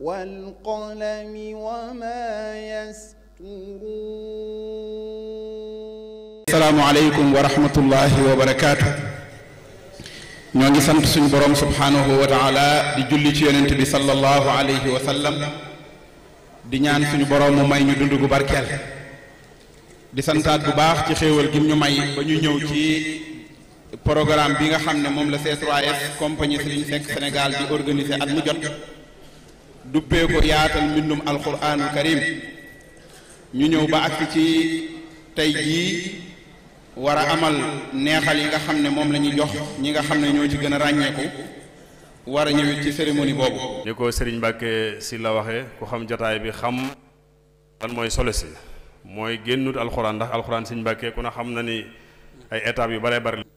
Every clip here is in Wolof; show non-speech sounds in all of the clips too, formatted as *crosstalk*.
والقلم وما يسطرون wa rahmatullahi wa ñoo ngi sant suñu borom subhaanahu di julli ci yonent bi sallallahu alayhi wa di ñaan suñu borom mu may ñu dund gu barkeel di santaat bu baax ci xéewal gim ñu may ba ñu ñëw ci programme bi nga xam ne moom la C3S compagnie Serigne Seck Sénégal di organiser at mu jot duppee ko yaatal mbindum alquranul karim ñu ñëw ba agsi ci tey jii war a amal neexal yi nga xam ne moom la ñuy jox ñi nga xam ne ñoo ci gën a ràññeeku war a ñëw ci cérémonie boobu. ni ko Serigne Mbacke si la waxee ku xam jotaay bi xam lan mooy solo si mooy génnut alxuraan ndax alxuraan Serigne Mbacke ku ne xam na ni ay étapes yu bare bari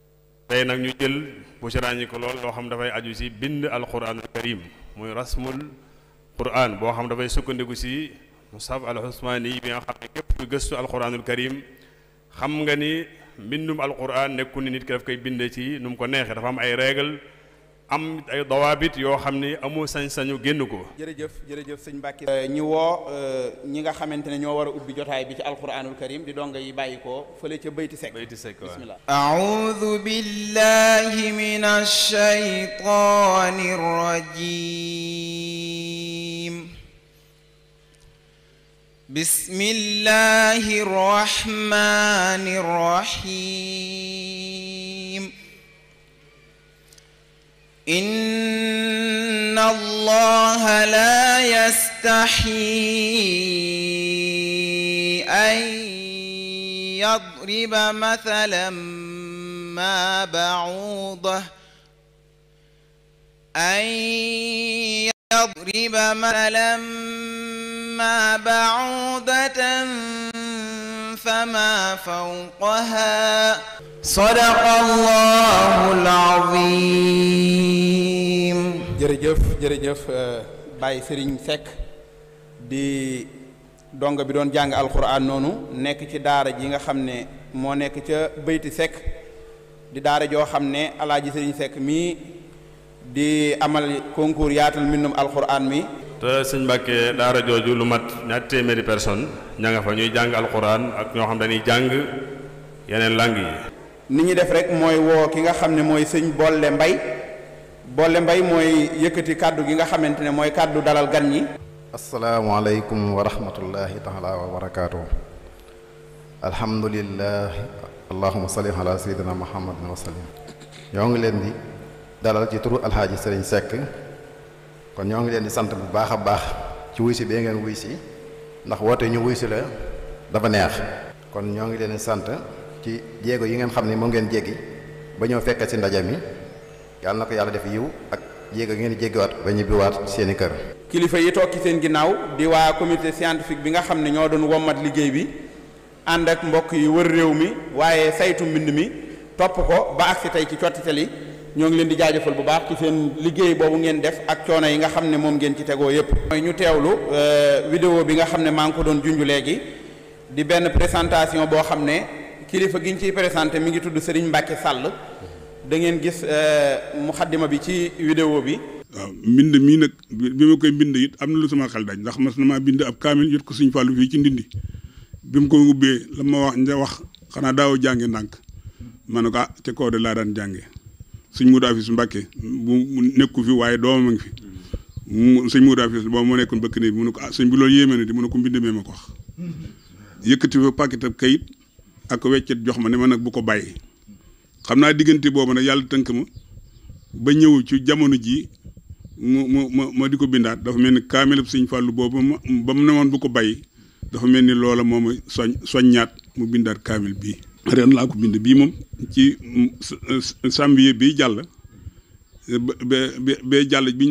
tey nag ñu jël bu ci ràññi ko lool loo xam dafay aju ci bind alquranul karim muy rasmul quran boo xam dafay sukkandiku ci musaf al usmani yi bi nga xam ne képp ku gëstu alquranul karim xam nga ni mbindum alquran nekku ni nit ki daf koy binde ci nu mu ko neexee dafa am ay règle am ay dawaabit yoo xam ne amul sañ-sañu génn ko. jërëjëf jërëjëf sëñ Mbacke. Euh, ñu woo euh, ñi nga xamante ne ñoo war a ubbi jotaay bi ci alquranul karim di donga yi bàyyi ko fële ca bayti sek. bayti sek bismillah. a'udhu billahi إن الله لا يستحي أن يضرب مثلا ما بعوضة أن يضرب مثلا ما بعوضة فما فوقها صدق الله العظيم jërëjëf jërëjëf euh, Baye Serigne Seck di donga bi doon jàng alxuraan noonu nekk ci daara ji nga xam ne moo nekk ca Bayti sekk di daara joo xam ne alaaji Serigne sekk mii di amal concours yaatal mbindum alxuraan mi. te sëñ Mbàkke daara jooju lu mat ñaar téeméeri personne ña nga fa ñuy jàng alxuraan ak ñoo xam dañuy jàng yeneen langues yi. ni ñu def rek mooy woo ki nga xam ne mooy sëñ Bolle Mbay Bollé mbay mooy yëkkati kàddu gi nga xamante ne mooy kàddu dalal gan ñi. asalaamaaleykum wa rahmatullahi taala wa barakaatu. alhamdulilah. allahuma salli ala sayyidina muhammadin wa sallim. ñoo ngi leen di dalal ci turu alxaaji Sëriñ Seck kon ñoo ngi leen di sant bu baax a baax ci wuy si bee ngeen wuy si ndax woote ñu wuy si la dafa neex. kon ñoo ngi leen di sant ci jéego yi ngeen xam ne moom ngeen jéggi ba ñëw fekk ci ndaje mi. yàlla na ko yàlla def yiw ak yéeg a ngeen di jéggiwaat ba ñibbiwaat seen seeni kër. kilifa yi toog ci seen ginnaaw di waa comité scientifique bi nga xam ne ñoo doon wommat liggéey bi ànd ak mbokk yi wër réew mi waaye saytu mbind mi topp ko ba agsi tey ci cottitali ñoo ngi leen di jaajëfal bu baax ci seen liggéey boobu ngeen def ak coono yi nga xam ne moom ngeen ci tegoo yépp mooy ñu teewlu euh, vidéo bi nga xam ne maa ngi ko doon junj léegi di benn présentation boo xam ne kilifa gi ñu ciy présenté mi ngi tudd Serigne Mbacke Sall. da ngeen gis euh, muxaddima bi ci vidéo bi. mbind mii nag bi ma koy mbind it am na lu sama xel daaj ndax mas na maa bind ab kaamil yot ko suñ fàllu fii ci ndindi bi mu ko ubbee la ma wax nga xanaa daaw jànge ndànk ma ne ko ah, de laa daan jànge suñ mu daafis bu nekku fi waaye doomam a ngi fi mu suñ mu boobu moo nekkoon bëkk ne bi mu ko ah suñ bi loolu yéeme na di mu ne ko mbind mee ma ko wax *laughs* yëkkati fa paquet ab kayit ak weccet jox ma ne ma nag bu ko bàyyi xam naa diggante boobu na yàlla tënk ma ba ñëw ci jamono jii mu mu ma di ko bindaat dafa mel ni kaamilab sëñ Fàllu boobu ba mu ne bu ko bàyyi dafa mel ni loola moo ma soñ soññaat mu bindaat kaamil bii. ren laa ko bind bii moom ci mm, sambiye bii jàll ba jàll bi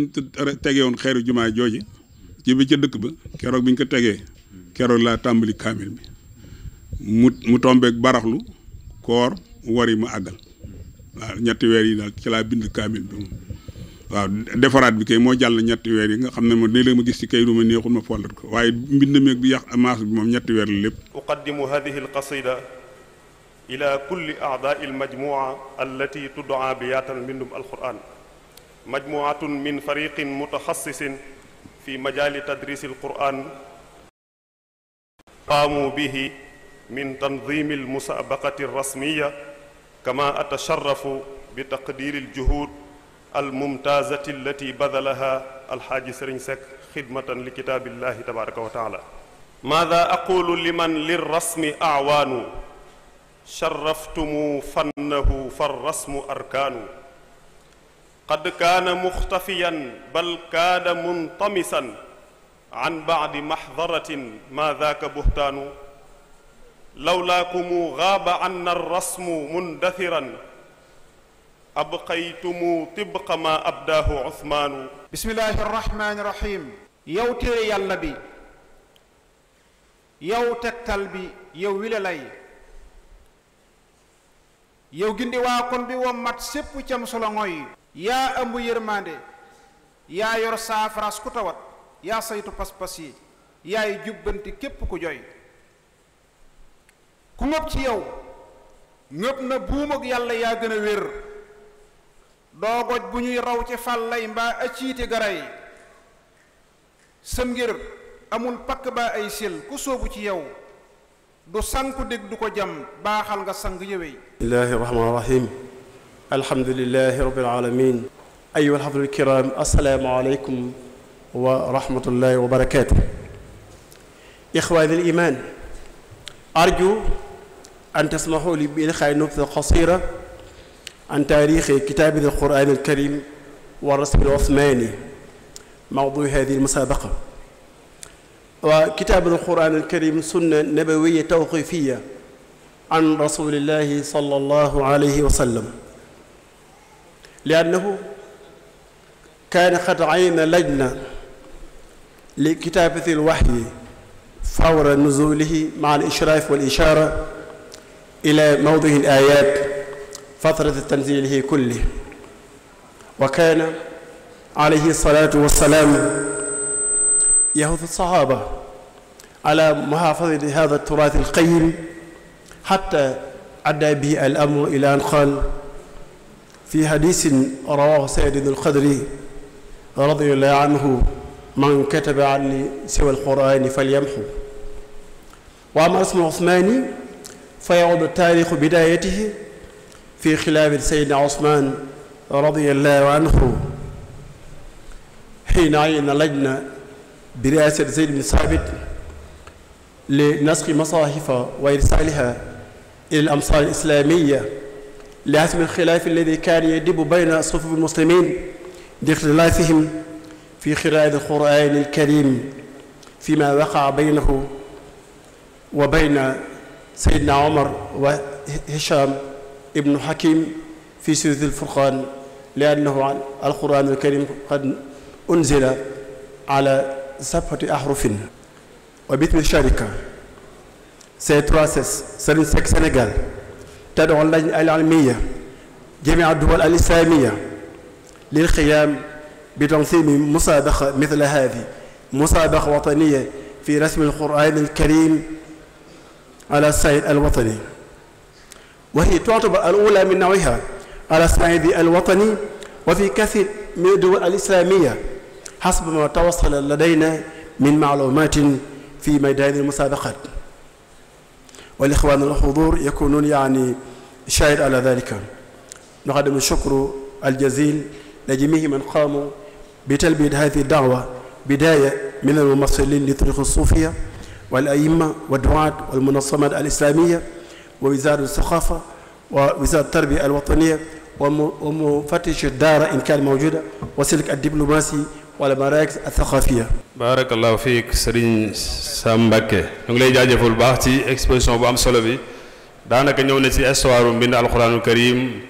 tegee woon xeeru jumaa jooji ci ca dëkk ba keroog bi ko tegee keroog laa tàmbali kaamil bi mu mu tombeek baraxlu koor wari ma àggal. waaw ñetti weer yi daal ci laa bind kaamil bi moom waaw defaraat bi kay moo jàll ñetti weer yi nga xam ne moom nii la ma gis ci kay duma neexul ma follat ko waaye mbind meeg bi yàq maas bi moom ñetti weer la lépp uqaddimu hadihi alqasida ila kulli aadaai almajmua allati tuddaa bi yaatal mbindum alquran majmuatun min fariqin mutaxassisin fi majaali tadrisi alquran qaamu bihi min tanzimi almusabaqati alrasmiya kama atasharrafu bi taqdiri aljuhud almumtaazati allati badalaha alxaaji sëriñ sekk xidmatan li kitaabillahi tabaraka wa taala maada aqulu liman lirrasmi awaanu sharraftumu fannahu farrasmu arkaanu qad kaana muxtafiyan bal kaana muntamisan an bacdi maxdaratin maa daaka buxtaanu lawlaakumu gaaba anna rasmu mundasiran abqaytumu tibqa ma abdaahu usmaanu bismillaahi rahmaani rahiim yow téere yàlla bi yow tegtal bi yow wile lay yow gindi waa kon bi wom mat sépp cam solo ngoy yaa ëmb yërmaande yaa yor saafaraas ku tawat yaa saytu pas-pas yi yaay jubbanti képp ku joy ku ngëb ci yow ngëb na buumag yàlla yaa gën a wér doo bu ñuy raw ci fàllay mbaa aciiti garay sëm ngir amul pakk baa ay sel ku soobu ci yow du sanku dégg du ko jam baaxal nga sang yëwey bismillahi rahmaani rahim alhamdulilahi rabbil alamin ayuha alxafdul kiram assalaamu aleykum wa rahmatullahi wa barakatuh ixwaani al arju أن تسمحوا لي بإلقاء نبذة قصيرة عن تاريخ كتابة القرآن الكريم والرسم العثماني موضوع هذه المسابقة وكتابة القرآن الكريم سنة نبوية توقيفية عن رسول الله صلى الله عليه وسلم لأنه كان قد عين لجنة لكتابة الوحي فور نزوله مع الإشراف والإشارة ila mawdihi al-ayat fatrata tanzilihi kulli wa kaana alayhi salaatu wa salaam yahudu as-sahaaba ala muhaafazati haadha at-turaath al-qayyim hatta adda bihi al-amru ila an qaala fi hadiisin rawaahu Sa'iid al-Khudri radiyallaahu anhu man kataba anni siwa al-Qur'aani falyamhu wa amma ismu Usmaani fayaodu taarixu bidayatihi fi xilaafi sayidna osman radiallahu anhu xiina ayna lajna biriasat zeyd bin saabit li nasxi masaahifa wa irsaaliha ila al amsaar al islaamiya li hasbi al xilaafi alladi kaan yadibu bayna sufufi al muslimin bi ixtilaafihim fi xiraat al quraan al kariim fi ma waqaa baynahu wa bayna Seydina Omar wa Hicham ibnu Hakim fi suratil furqaan li annahu alquran alkarim qad unzila ala sab'ati ahrufin wa bitmi sharika C3S Serigne Seck Sénégal tad'u al-lajna al-'ilmiyya jami'a ad-duwal al-islamiyya lil-qiyam bitanzimi musabaqa mithla hadhihi musabaqa wataniyya fi rasmi al-quran al-karim على الصعيد الوطني وهي تعتبر الأولى من نوعها على الصعيد الوطني وفي كثير من الدول الإسلامية حسب ما توصل لدينا من معلومات في ميدان المسابقات والإخوان الحضور يكونون يعني شاهد على ذلك نقدم الشكر الجزيل لجميع من قاموا بتلبية هذه الدعوة بداية من الممثلين لطريق الصوفية wal aima wa duat wal munasamat al islamia wa wisarat saxafa wa wisarat tarbia al watania wa mufatish daara in kaan mawjuda wa silk al diplomasi wala marakis al saxafiya barakallahu fiik sëriñ Sam Mbacké ngi lay jaajëfal bu baax ci exposition bu am solo bi daanaka ñëw na ci histoire mbind alquranul karim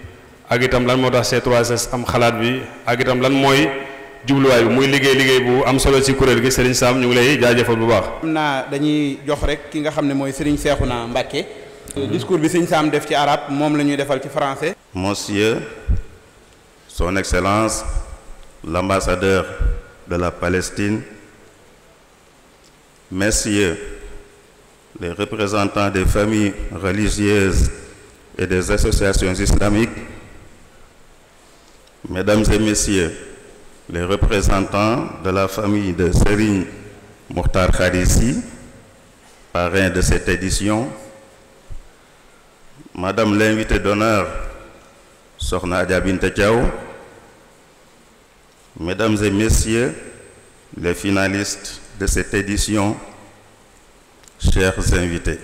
ak itam lan moo tax c am xalaat bi ak itam lan mooy jubluwaay bi muy liggéey liggéey bu am solo ci kuréel gi Serigne saam ñu ngi lay jaajëfal bu baax. xam naa dañuy jox rek ki nga xam ne mooy Serigne naa Mbacké. discours bi Serigne Sam def ci arab moom la ñuy defal ci français. Monsieur, Son Excellence, l'ambassadeur de la Palestine, messieurs les représentants des familles religieuses et des associations islamiques, mesdames et messieurs. les représentants de la famille de Serigne Mokhtar Khadissi, parrain de cette édition, Madame l'invitée d'honneur, Sorna Diabinte Mesdames et Messieurs, les finalistes de cette édition, chers invités,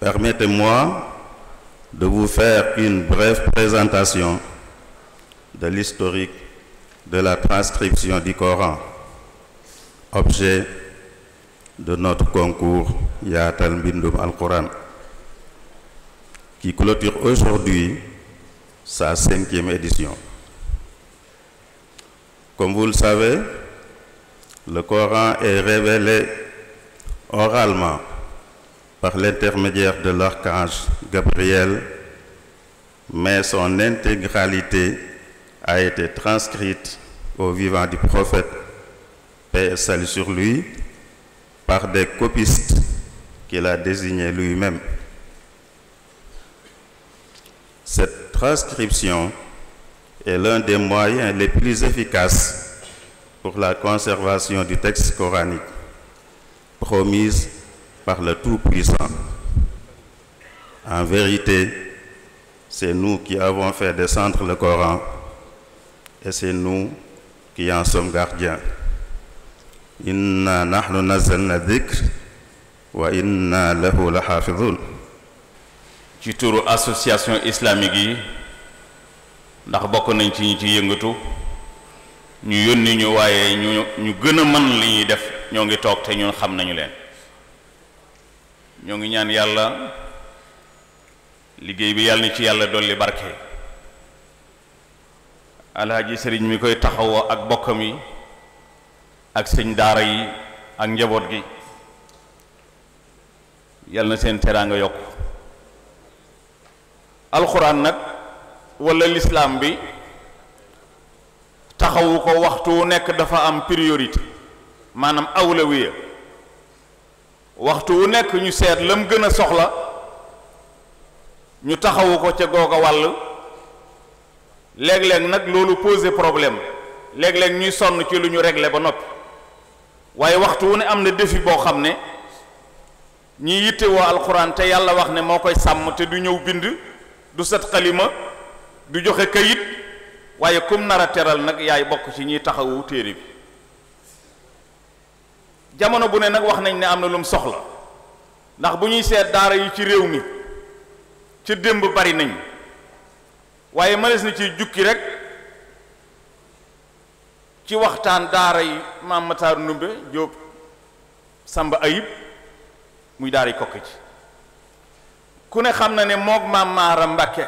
permettez-moi de vous faire une brève présentation de l'historique de la transcription du Coran, objet de notre concours Yaatal Mbindum Al-Quran, qui clôture aujourd'hui sa cinquième édition. Comme vous le savez, le Coran est révélé oralement par l'intermédiaire de l'archange Gabriel, mais son intégralité a été transcrite au vivant du prophète, paix et salut sur lui, par des copistes qu'il a désignés lui-même. Cette transcription est l'un des moyens les plus efficaces pour la conservation du texte coranique promise par le Tout-Puissant. En vérité, c'est nous qui avons fait descendre le Coran et c'est nous qui en sommes gardiens inna nahnu nazzalna dhikr wa inna lahu la xaafidun ci turu association islamique yi ndax bokk nañ ci ñi ci yëngatu ñu yónni ñu waaye ñu ñu gën a mën li ñuy def ñoo ngi toog te ñun xam nañu leen ñoo ngi ñaan yàlla liggéey bi yàlla na ci yàlla dolli barke alhaji sëriñ mi koy taxawoo ak bokkam yi ak sëñ daara yi ak njaboot gi yal na seen teraanga yokk alxuraan nag walla lislaam bi taxawu ko waxtu wu nekk dafa am priorité maanaam awlawiya waxtu wu nekk ñu seet lam gën a soxla ñu taxawu ko ca googa wàll léeg-léeg nag loolu poser problème léeg-léeg ñuy sonn ci lu ñu régler ba noppi waaye waxtu wu ne am na défi boo xam ne ñi yittewoo alxuraan te yàlla wax ne moo koy sàmm te du ñëw bind du sat xalima du joxe kayit waaye kum nar teral nag yaay bokk ci ñuy taxawu téere bi jamono bu ne nag wax nañ ne am na lum soxla ndax bu ñuy seet daara yi ci réew mi ci démb bari nañ waaye mënees na ci jukki rek ci waxtaan daara yi maam Matar Ndumbe Jóob Samba Ayib muy daara yi kokki ci ku ne xam na ne moog maam Maara Mbakke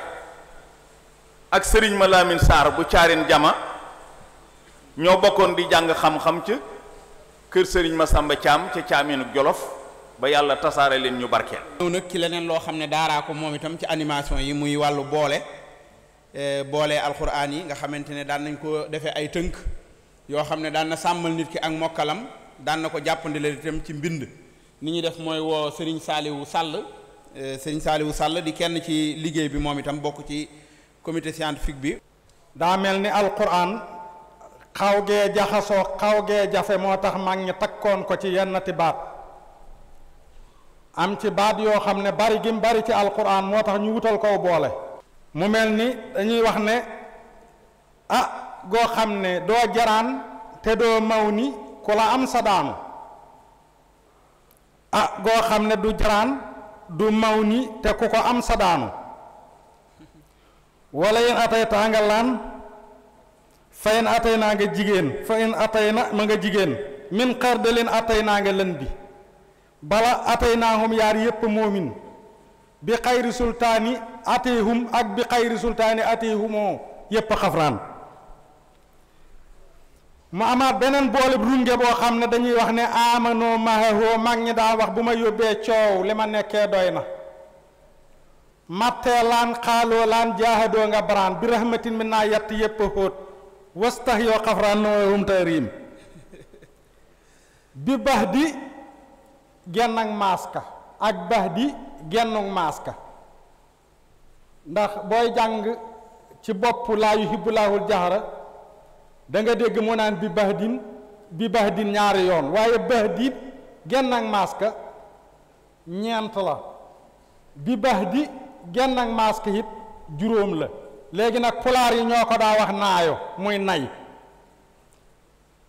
ak sëriñ ma Laamin Saar bu caarin jama ñoo bokkoon di jàng xam-xam ca kër sëriñ ma Samba Caam ca Caaminu Jolof ba yàlla tasaare leen ñu barkeel. ñëw nag ci leneen loo xam ne daaraa ko moom itam ci animation yi muy wàllu boole Eh, boolee alxuraan yi nga xamante ne daan nañ ko defee ay tënk yoo xam ne daan na sàmmal nit ki ak mokkalam daan na ko jàppandi la itam ci mbind ni ñuy def mooy woo Serigne Saliou Sall eh, Serigne saaliwu sàll di kenn ci liggéey bi moom itam bokk ci comité scientifique bi. daa mel ni alquran xaw gee jaxasoo xaw gee jafe moo tax mag ñi takkoon ko ci yennati baat am ci baat yoo xam ne bari gim bari ci alquran moo tax ñu wutal kow boole. mu mel ni dañuy wax ne ah goo xam ne doo jaraan te doo maw ni ku la am sa daanu ah goo xam ne du jaraan du maw ni te ku ko am sa daanu wala yéen atay taa nga laan naa nga jigéen fa yéen atay na ma nga jigéen min xar de leen naa nga lën bi bala atay naa hum yaar yépp moomin bi xayri sultaani atihum ak bi xayri sultaani atihumoo yépp xafraan mu amaat beneen boole runge boo xam ne dañuy wax ne amanoo mahahoo mag ñi daan wax bu ma yóbbee coow li ma nekkee doy na mattee laan xaaloo laan jaahadoo nga baraan bi rahmatin min naa yett yépp xóot was tax yoo xafraan noo humta riim bi bax genn ak maaska ak bax gennug maas ndax booy jàng ci bopp laa yuhibbullaahul jahra da nga dégg mu naan bi bahdin bi bahdin ñaari yoon waaye bahdin genn ak maas ka ñeent la bi bahdi genn ak it juróom la léegi nag pulaar yi ñoo ko daa wax naayo muy nay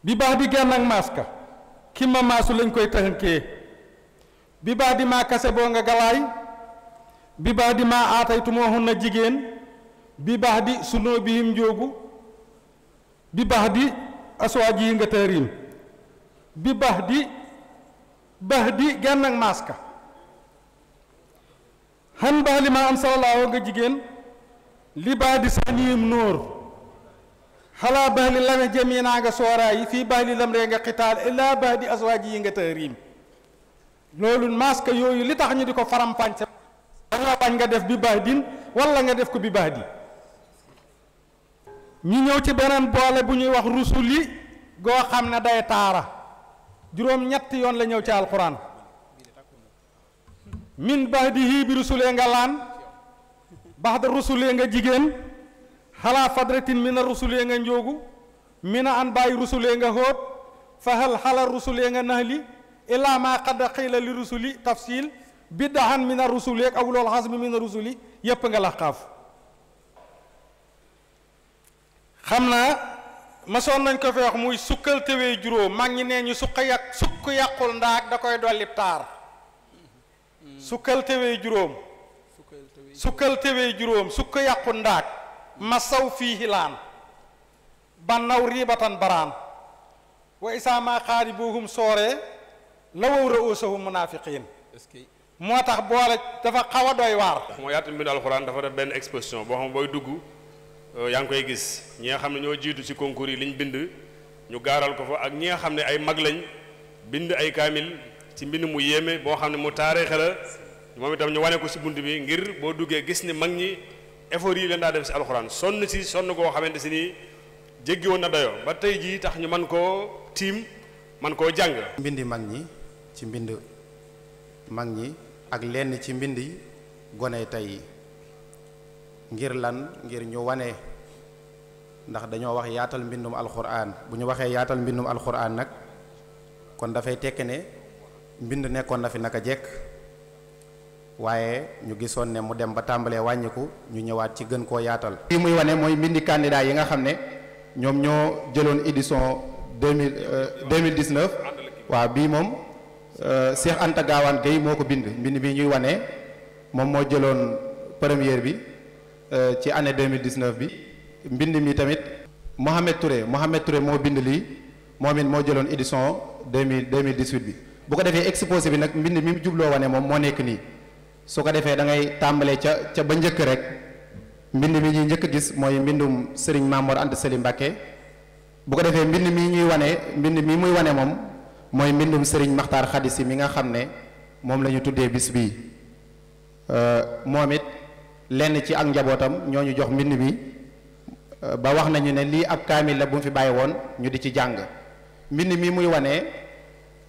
bi bahdi genn ak maas ka lañ koy tënkee bi baa di maa kase boo nga gawaay bi baa di maa aatay tumooxun na jigéen bi baax di sunoo bihim njoogu bi baax di aswaaji yi nga tëriim bi baax di baax di genn xan baax li maa am sawalaawo nga jigéen li baax di saniyum nóor xalaa baax li lame jamiinaa nga sooraay fii baax li lam ree nga xitaal illaa baax di aswaaji yi nga tëriim loolu masque yooyu li tax ñu di ko faram-fàcce dañoo nga def bi baax din wala nga def ko bi baax di ñu ñëw ci beneen boole bu ñuy wax rusul yi goo xam ne day taara juróom ñetti yoon la ñëw ci alquran min baax di hii bi rusulee nga laan baax da rusulee nga jigéen xalaa fadratin mina rusulee nga njóogu mina an bàyyi rusulee nga xóot fahal xala rusulee nga naxli illaa maa qad qiila li rusuli tafsil biddahan min a rusuli ak awlool xasmi min a rusuli yépp nga la xaafu xam naa masoon nañ ko fi wax muy sukkal tëwee juróom mag ñi nee ñu sukk yàq sukk yàqul ndaag da koy dolli taar sukkal tëwee juróom sukkal juróom sukk yàqul ndaag ma saw fii hilaan bannaw riibatan baraan wa isaa maa xaari boohum sooree lawaw ra'uusahum munaafiqiin moo tax boole dafa xaw a doy waar. moo yaatu mbind alxuraan dafa def benn exposition boo xam booy dugg euh, yaa ngi koy gis ñi nga xam ne ñoo jiitu ci concours yi liñ bind ñu gaaral ko fa ak ñi nga xam ne ay mag lañ bind ay kaamil ci mbind mu yéeme boo xam ne mu taarixee la moom itam ñu wane ko ci bunt bi ngir boo duggee gis ni mag ñi effort yi leen daa def ci alxuraan sonn ci sonn koo xamante si nii jéggi woon na dayoo ba tey jii tax ñu man koo tiim man koo jàng. mbindi mag ñi. ci mbind mag ñi ak lenn ci mbind yi gone tey yi ngir lan ngir ñu wane ndax dañoo wax yaatal mbindum alxuraan bu ñu waxee yaatal mbindum alxuraan nag kon dafay tekki ne mbind nekkoon na fi naka jekk waaye ñu gisoon ne mu dem ba tàmbalee wàññiku ñu ñëwaat ci gën koo yaatal. li muy wane mooy mbindi candidat yi nga xam ne ñoom ñoo jëloon édition deux mille euh, deux bii moom. Euh, Cheikh Anta Gaawaan Gueye moo ko bind mbind bi ñuy wane moom moo jëloon première bi euh, ci anne deux année 2019 bi mbind mi tamit Mohamed Touré Mohamed Touré moo bind lii moom it moo jëloon édition 2000 2018 bi bu ko defee exposé bi nag mbind mi mu jubloo wane moom moo nekk nii su ko defee da ngay tàmbalee ca ca ba njëkk rek mbind mi ñuy njëkk gis mooy mbindum Serigne Mamour Anta Sali Mbacké bu ko defee mbind mii ñuy wane mbind mi muy wane moom mooy mbindum sëriñ maxtaar xadisi mi nga xam ne moom la tuddee bis bii euh, moom it lenn ci ak njabootam ñoo ñu jox mbind mi euh, ba wax nañu ne lii ab kaamil la bu mu fi bàyyi woon ñu di ci jàng mbind mi muy wane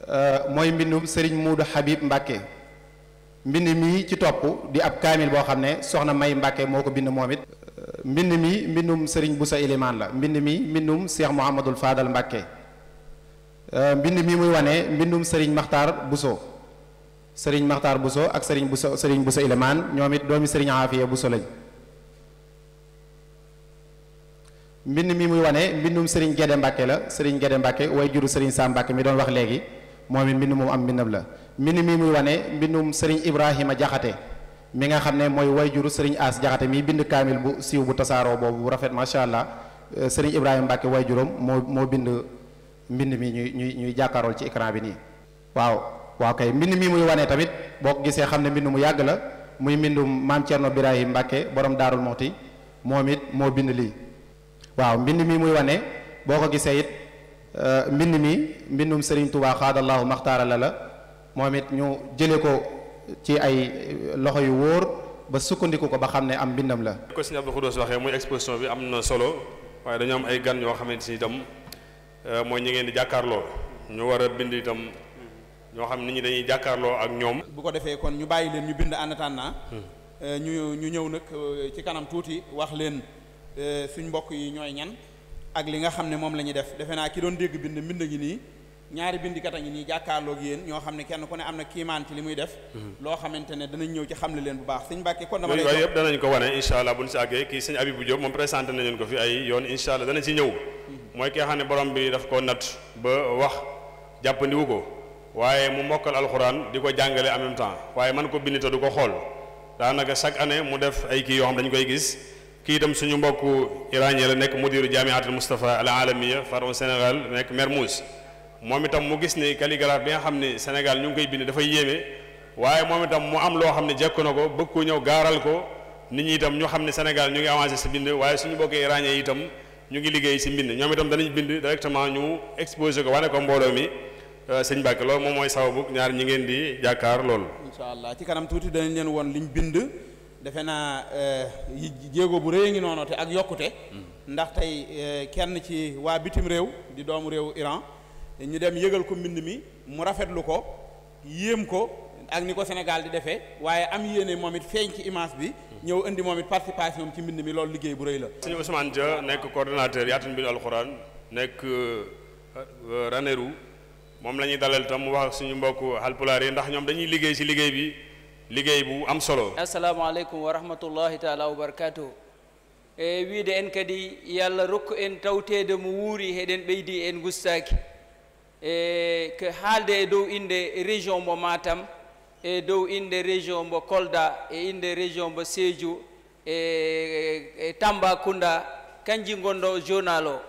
euh, mooy mbindum sëriñ muudu Habib Mbàkke mbind mi ci topp di ab kaamil boo xam ne soxna May Mbàkke moo ko bind moom it mbind mi mbindum sëriñ Busa Ilimaan la mbind mi mbindum Cheikh Mouhamadul Fadal Mbàkke Euh, mbind mi muy wane mbindum Serigne Makhtar Bousso Serigne Makhtar Bousso ak Serigne Bousso Serigne Bousso Ilemaan ñoom it doomi Serigne Aafiya Bousso lañ mbind mi muy wane mbindum sëriñ Guédé Mbacke la Serigne Guédé Mbacke way juru sëriñ Sam Mbacke mi doon wax léegi moom it mbind moom am mbindam la mbind mi muy wane mbindum Serigne Ibrahima Jaxate mi nga xam ne mooy way juru Serigne As Jaxate mi bind kaamil bu siiw bu tasaaroo boobu bu rafet macha allah euh, Serigne Ibrahima Mbacke way juróom moo mbind mi ñuy ñuy ñuy jàkkaarool ci écran bi nii waaw waaw kay mbind mi muy wane tamit boo ko gisee xam ne mbind mu yàgg la muy mbindum maam Thierno Birahim Mbacke borom daarul moxti moom it moo bind lii waaw mbind mi muy wane boo ko gisee it euh, mbind mi mbindum Serigne Touba xaadallahu maxtaara la la moom it ñu jëlee ko ci ay euh, loxo yu wóor ba sukkandiku ko ba xam ne am mbindam la. ko Serigne Abdou Khoudoss muy exposition bi am na solo waaye dañu am ay gan yoo xamante ni itam Euh, mooy ñi ngeen di jàkkaarloo ñu war a bind itam ñoo xam nit ñu dañuy jàkkaarloo ak ñoom. bu ko defee kon ñu bàyyi leen ñu bind en attendant hmm. euh, ñu ñu ñëw nag euh, ci kanam tuuti wax leen suñ mbokk yi ñooy ñan ak li nga xam ne moom la ñuy def defe naa ki doon dégg bind mbind ngi nii. ñaari bindikat a ngi nii jàkkaarloog yéen ñoo xam ne kenn ku ne am na kiimaan ci li muy def hmm. loo xamante ne danañ ñëw ci xamle leen bu baax sëñ Mbàkke kon dama leen ko fi ay yoon incha allah danañ si ñëw mooy ki xam ne borom bi daf ko nat ba wax jàppandiwu ko waaye mu mokkal alxuraan di ko jàngale en même temps waaye man ko bind te du ko xool daanaka chaque année mu def ay kii yoo xam dañu koy gis kii itam suñu mbokku iranien la nekk mudiru jamiatul Moustapha al alamiya faron Sénégal nekk Mermoz moom itam mu gis ne calligraphe bi nga xam ne Sénégal ñu ngi koy bind dafay yéeme waaye moom itam mu am loo xam ne jekk na ko bëgg ñëw gaaral ko nit ñi itam ñu xam ne Sénégal ñu ngi avancé si bind waaye suñu mbokku iranien itam. ñu ngi liggéey si mbind ñoom itam danañ bind directement ñu exposé ko wane ko mbooloo mi euh, sëñ Mbàkke loolu moom mooy sababu ñaar ñi ngeen di jàkkaar loolu. incha allah ci kanam tuuti danañ leen woon liñ bind defe naa euh, jéego bu rëy ngi noonu te ak yokkute. Mm. ndax tey euh, kenn ci waa bitim réew di doomu réewu Iran ñu dem yëgal ko mbind mi mu rafetlu ko yéem ko ak ni ko Sénégal di defee waaye am yéene moom it feeñ ci image bi. ñëw indi moom it participation am ci mbind mi lool liggéey bu rëy la. sëñ Ousmane Dia nekk coordonnateur yaatal mbindum alxuraan nekk euh, euh, Ranérou moom lañuy ñuy dalal mu wax ak suñu mbokk alpulaar yi ndax ñoom dañuy liggéey ci liggéey bi liggéey bu am solo. asalaamaaleykum wa rahmatullahi taala wa barakaatu. e wiide en kadi yo allah rokku en tawtede mo wuuri heɗen ɓeydi en gustaki e ko haalde e dow région mo matam e dow inde région mbo kolda e inde région mbo sédiou e, e, e tamba kunda kanji gonɗo journal o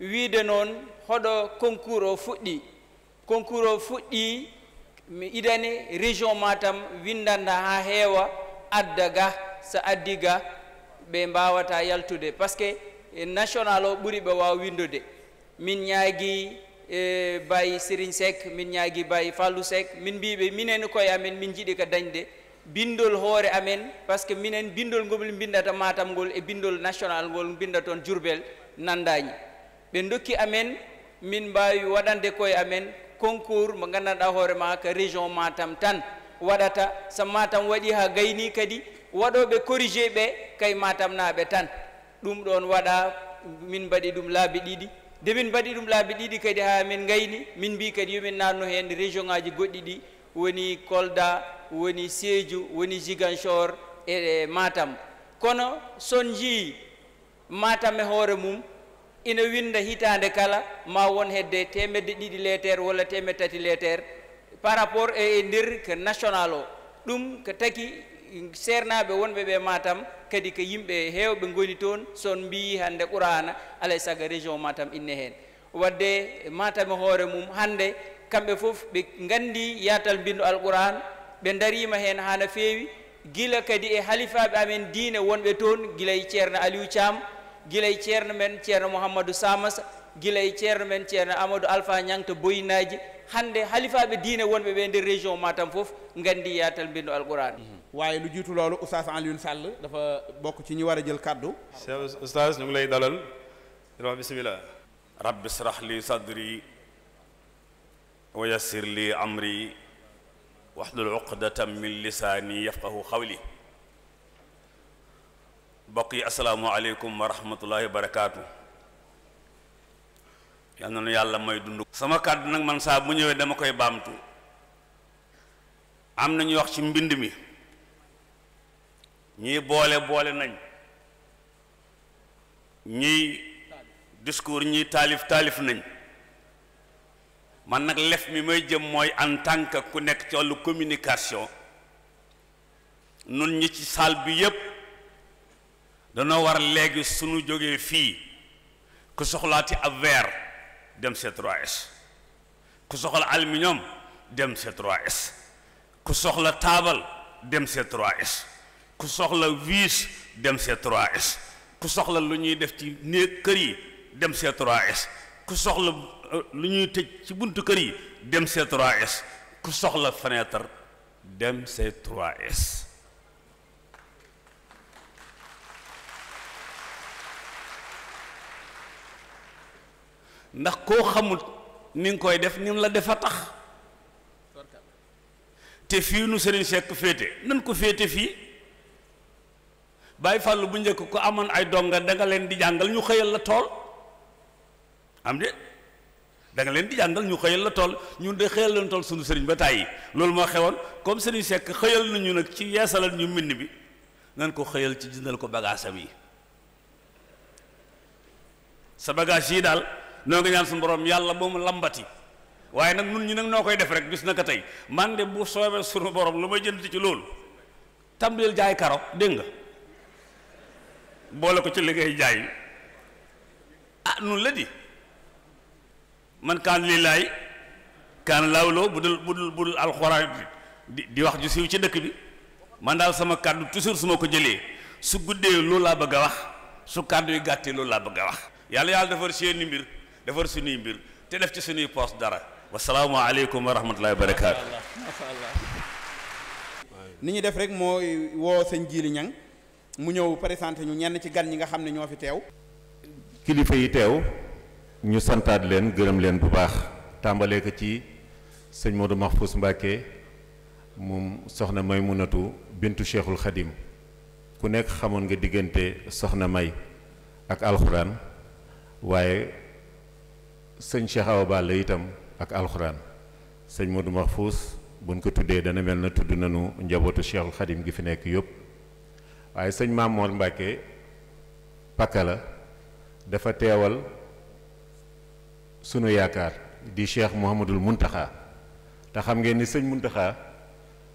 wiide noon hoɗo concours o fuɗɗi mi idani région matam windanda ha heewa adda ga so addi ga ɓe mbawata yaltude par que national o ɓuuri ɓe waw windude min ñaagui Eh, bàyyi Serigne min ñaagi bàyyi Fallou min minen koye amen min jiiɗi ko bindol hoore amen par que minen bindol ngol bindata matam ngol e bindol national ngol binda jurbel nandañi ɓe dokki amen min mbawi waɗande koye amen concours mo gandanɗa hoore ma ko région matam tan waɗata so waɗi ha gayni kadi waɗoɓe corrigé ɓe kay matam naɓe tan ɗum ɗon waɗa min mbaɗi ɗum laabi ɗiɗi nde min mbaɗi ɗum laabi ɗiɗi kadi ha min gayni min mbi kadi yomin nanno hen région ngaji goɗɗi ɗi woni kolda woni sédiou woni giganchor e, e matam kono son jii e hoore mum ina winda hitande kala ma won hedde temedde ɗiɗi letere walla temed tati letere par rapport e, e nder ko national o ɗum ko taki sernaɓe wonɓe ɓe matam kadi ko yimɓe hewɓe goni toon son mbi hande qurana alay saago région matam inne hen wadde matame hoore mum hande kamɓe foof ɓe gandi yatal mbindu alqur'an ɓe darima hen ha fewi guila kadi e halifaɓe amen diine wonɓe toon guila e ceerno aliou thiam guila e ceerno men samasa guila e ceerno men ceerno amadou alpha ñangto hande halifaɓe diine wonɓe ɓe e nder région matam foof gandi yatal mbindu alqur'an mhm. waaye lu jiitu loolu oustaz Alioune Sall dafa bokk ci ñu war a jël kàddu Cheikh oustaz ngi lay dalal di wax bismillah rabbi srah li sadri wa yassir li amri waxlul uqdatam min lisaani yafqahu xawli mbokk yi asalaamualeykum wa rahmatullahi wa barakaatu yal na nu yàlla may dund sama kàddu nag man saa mu ñëwee dama koy baamtu am na ñu wax ci mbind mi ñiy boole boole nañ ñiy discours ñi taalif taalif nañ man nag lef mi may jëm mooy en tant que ku nekk ci wàllu communication nun ñi ci salle bi yépp danoo war léegi suñu jógee fii ku soxlaati ab weer dem c 3 ku soxla aluminium dem C3S ku soxla taabal dem C3S ku soxla wiis dem C3S ku soxla lu ñuy def ci néeg kër yi dem C3S ku soxla lu ñuy tëj ci buntu kër yi dem c 3 ku soxla fenêtre dem C3S ndax koo xamul ni nga koy def ni mu la defa tax te fii nu Serigne Seck féete nan ko féete fii bàyyi fàll bu njëkk ko amoon ay donga da nga leen di jàngal ñu xëyal la tool am de da leen di jàngal ñu xëyal la tool ñun de xëyal leen tool sunu sëriñ ba tàyyi loolu moo xewoon comme sëriñ Seck xëyal nañu nag ci yeesalal ñu mbind bi nan ko xëyal ci jëndal ko bagaasam yi sa bagage yii daal noo ngi ñaan suñu borom yàlla boo mu lambati waaye nag nun ñu nag noo koy def rek bis na ko tey man de bu soobee suñu borom lu may jënd ci loolu tàmbaleel jaay karo dégg nga boole ko ci li ngay jaay ah nun la di man kaan lii laay kaan laawloo bu dul bu dul bu dul alxuraan di di wax ju siiw ci dëkk bi man daal sama kàddu toujours su ma ko jëlee su guddee loolu laa bëgg a wax su kàddu yi gàttee loolu laa bëgg a wax yàlla yàlla defar seeni mbir defar suñuy mbir te def ci suñuy poos dara wasalaamaaleykum wa rahmatullahi wa barakaatu ni ñu def rek mooy woo sëñ Jili Ñang mu ñëw présenté ñu ñenn ci gan ñi nga xam ne ñoo fi teew. kilifa yi teew ñu santaat leen gërëm leen bu baax tàmbalee ko ci sëñ Modou Mahfous Mbacké moom soxna May Munatu bintu Cheikhul xadim ku nekk xamoon nga diggante soxna May ak alxuraan waaye sëñ Cheikh Awa Balla itam ak alxuraan sëñ Modou Mahfous buñ ko tuddee dana mel na tudd nañu njabootu Cheikhul Khadim gi fi nekk yëpp. waaye sëñ Maamoor Mbàkke pakka la dafa teewal sunu yaakaar di cheikh Mouhamadul Muntaxa te xam ngeen ni sëñ Muntaxa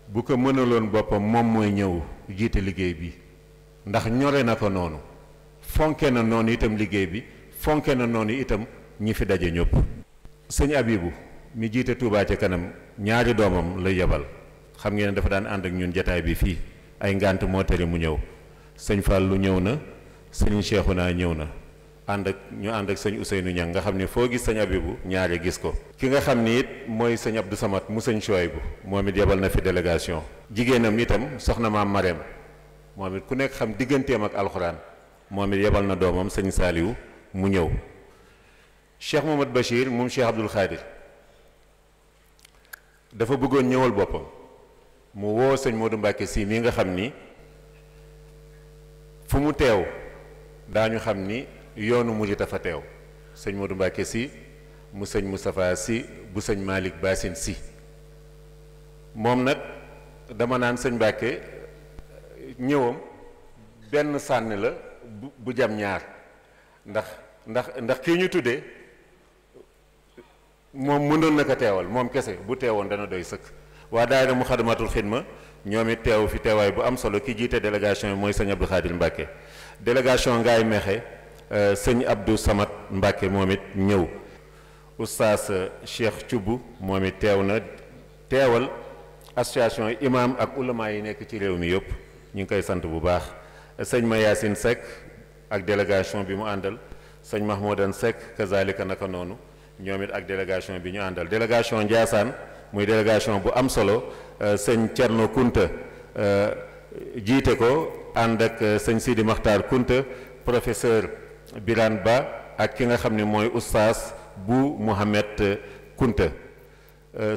bu ko mënaloon boppam moom mooy ñëw jiite liggéey bi ndax ñore na ko noonu fonke na noonu itam liggéey bi fonke na noonu itam ñi fi daje ñëpp sëñ Abibu mi jiite Tuubaa ci kanam ñaari doomam la yebal xam ngeen ne dafa daan ànd ak ñun jataay bi fii ay ngànt moo tere mu ñëw sëñ lu ñëw na sëñ Cheikhouna ñëw na ànd ak ñu ànd ak sëñ Ousseynou Niang nga xam ne foo gis sëñ Abibou ñaare gis ko ki nga xam ni it mooy sëñ Abdou Samad mu sëñ Chouaïbou moom it yebal na fi délégation jigéenam itam soxna maam Marème moom it ku nekk xam digganteem ak alxuraan moom it yebal na doomam sëñ Saliou mu ñëw Cheikh Mohamad Bachir moom Cheikh Abdoul Khadir dafa bëggoon ñëwal boppam mu woo sëñ Modou Mbacke sii mii nga xam ni fu mu teew daañu xam ni yoonu murit a fa teew sëñ Modou Mbacke si mu sëñ Moustapha si bu sëñ maalik Bassine si moom nag dama naan sëñ Mbacke ñëwam benn sànni la bu bu jam ñaar ndax ndax ndax kii ñu tuddee moom mënoon na ko teewal moom kese bu teewoon dana doy sëkk. waa daayira mu xadamatul xidma ñoom it teew fi teewaay bu am solo ki jiite délégation mooy sëñ Abdou Khadir Mbacke délégation Ngaye Mexe euh, sëñ Abdou Samad Mbacke moom it ñëw oustaz euh, Cheikh Thioub moom it teew na teewal association imam ak ulama yi nekk ci réew mi yëpp ñu ngi koy sant bu baax sëñ Ma Yacine Seck ak délégation bi mu àndal sëñ Mahmoudan Seck kazalika naka noonu ñoom it ak délégation bi ñu àndal délégation Ndiassane muy délégation bu am solo euh, sëñ Thierno Kunta euh, jiite ko ànd ak euh, sëñ Sidi Makhtar Kunta professeur Birane Ba ak ki nga xam ni mooy oustaz bu Mohamed Kunta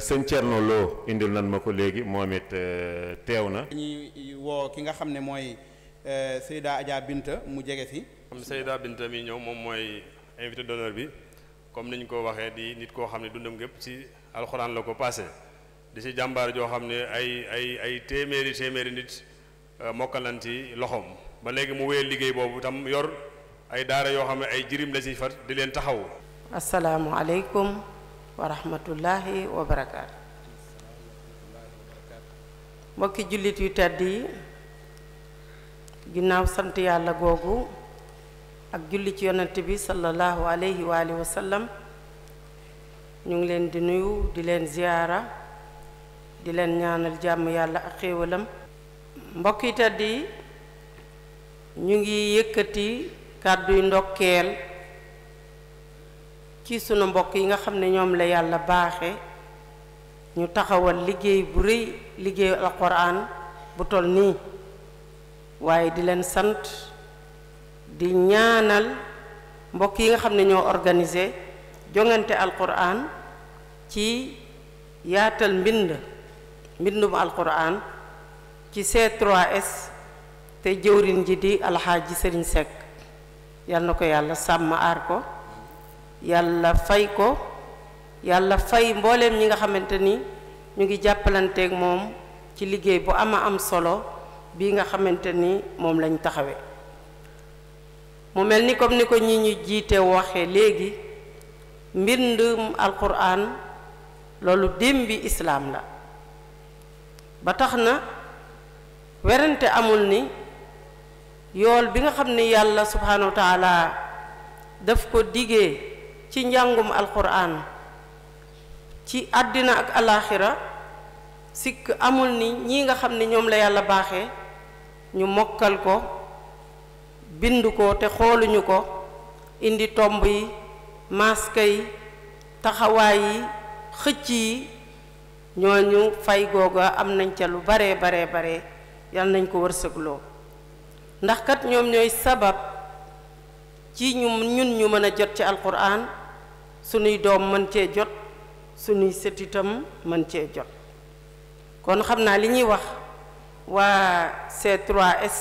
sëñ Thierno Lo indil lan ma ko léegi moom it teew na. dañuy ki nga xam ne mooy sayda Adja Binta mu jege si. comme Seyda Binta mi ñëw moom mooy invité d'honneur bi comme ni ñu ko waxee di nit koo xam ne dundam gépp ci. alxuraan la ko passé di ci jàmbaar joo xam ne ay ay ay téeméeri téeméeri nit euh, mokkalan loxoom ba léegi mu wéyal liggéey boobu tam yor ay daara yoo xam ne ay jirim la ci fat di leen taxaw asalaamualeykum wa rahmatullahi wa barakaatu mbokki jullit yu tedd yi ginnaaw sant yàlla googu ak julli ci yonent bi sallallahu alayhi wa alihi wa sallam ñu ngi leen di nuyu di leen ziyaara di leen ñaanal jàmm yàlla ak xéewalam mbokk ñu ngi yëkkati kàdduy ndokkeel ci sunu mbokk yi nga xam ne ñoom la yàlla baaxe ñu taxawal liggéey bu rëy liggéeyu alquran bu toll nii waaye di leen sant di ñaanal mbokk yi nga xam ne ñoo organisé jongante alquran ci yaatal mbind mbindum alquran ci c s te jëwrin ji di ji sëriñ Seck yal na ko yàlla sàmm aar ko yàlla fay ko yàlla fay mbooleem ñi nga xamante ni ñu ngi jàppalanteeg moom ci liggéey bu ama am solo bi nga xamante ni moom lañ taxawee mu mel ni comme ni ko ñi ñu jiite waxe léegi mbindum alquran loolu démbi islaam la ba tax na werante amul ni yool bi nga xam ni yàlla subhaanahu wa taala ko digee ci njàngum alquran ci àddina ak alaaxira sikk amul ni ñii nga xam ni ñoom la yàlla baaxe ñu mokkal ko bind ko te xooluñu ko indi tomb yi masque yi taxawaay yi xëcc yi ñooñu fay googa am nañ ca lu baree baree bare yal nañ ko wërsëgloo ndax kat ñoom ñooy sabab ci ñu ñun ñu mën a jot ci alquran sunuy doom mën cee jot sunuy setitam mën cee jot kon xam naa li ñuy wax waa c s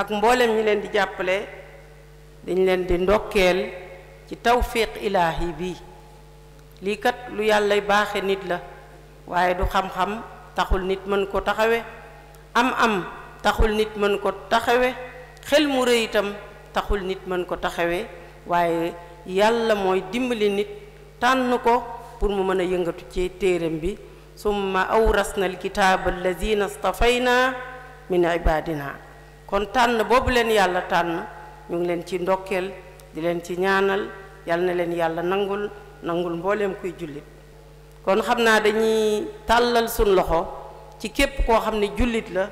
ak mboolem ñi leen di jàppale dañ leen di ndokkeel ci tawfiq ilaahi bi lii kat lu yàlla baaxe nit la waaye du xam-xam taxul nit mën ko taxawe am-am taxul nit mën ko taxawe xel mu rëy itam taxul nit mën ko taxawe waaye yàlla mooy dimbali nit tànn ko pour mu mën a yëngatu ci téeram bi aw summa awrasna alkitaaba alladina stafayna min ibadina kon tànn boobu leen yàlla tànn ñu ngi leen ci ndokkeel di leen ci ñaanal yàlla na leen yàlla nangul nangul mbooleem kuy jullit kon xam naa dañuy tàllal suñ loxo ci képp koo xam ne jullit la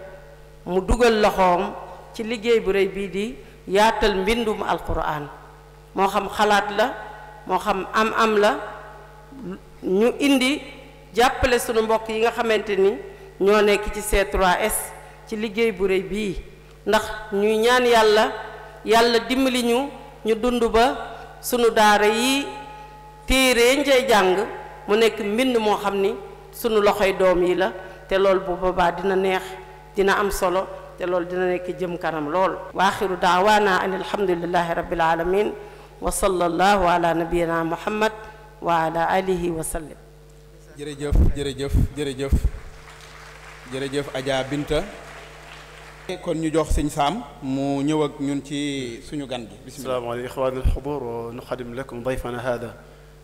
mu dugal loxoom ci liggéey bu rëy bii di yaatal mbindum alquran moo xam xalaat la moo xam am am la ñu indi jàppale sunu mbokk yi nga xamante ni ñoo nekk ci C3S ci liggéey bu rëy bii ndax ñuy ñaan yàlla yàlla dimbali ñu ñu dund ba sunu daara yi téere njay jàng mu nekk mbind moo xam ni sunu loxoy doom yi la te lool bu boobaa dina neex dina am solo te loolu dina nekk jëm karam lool wa axiru daawaana an alhamdulillahi rabbil alamin wa sallallahu ala nabiyina muhammad wa ala alihi wa sallam jërëjëf jërëjëf jërëjëf jërëjëf Adja Binta kon ñu jox sëñ Saam mu ñëw ak ñun ci suñu gan gi bismillah salaamaaleykum ixwaani alxudur wa nuqaddim lakum dayfana hada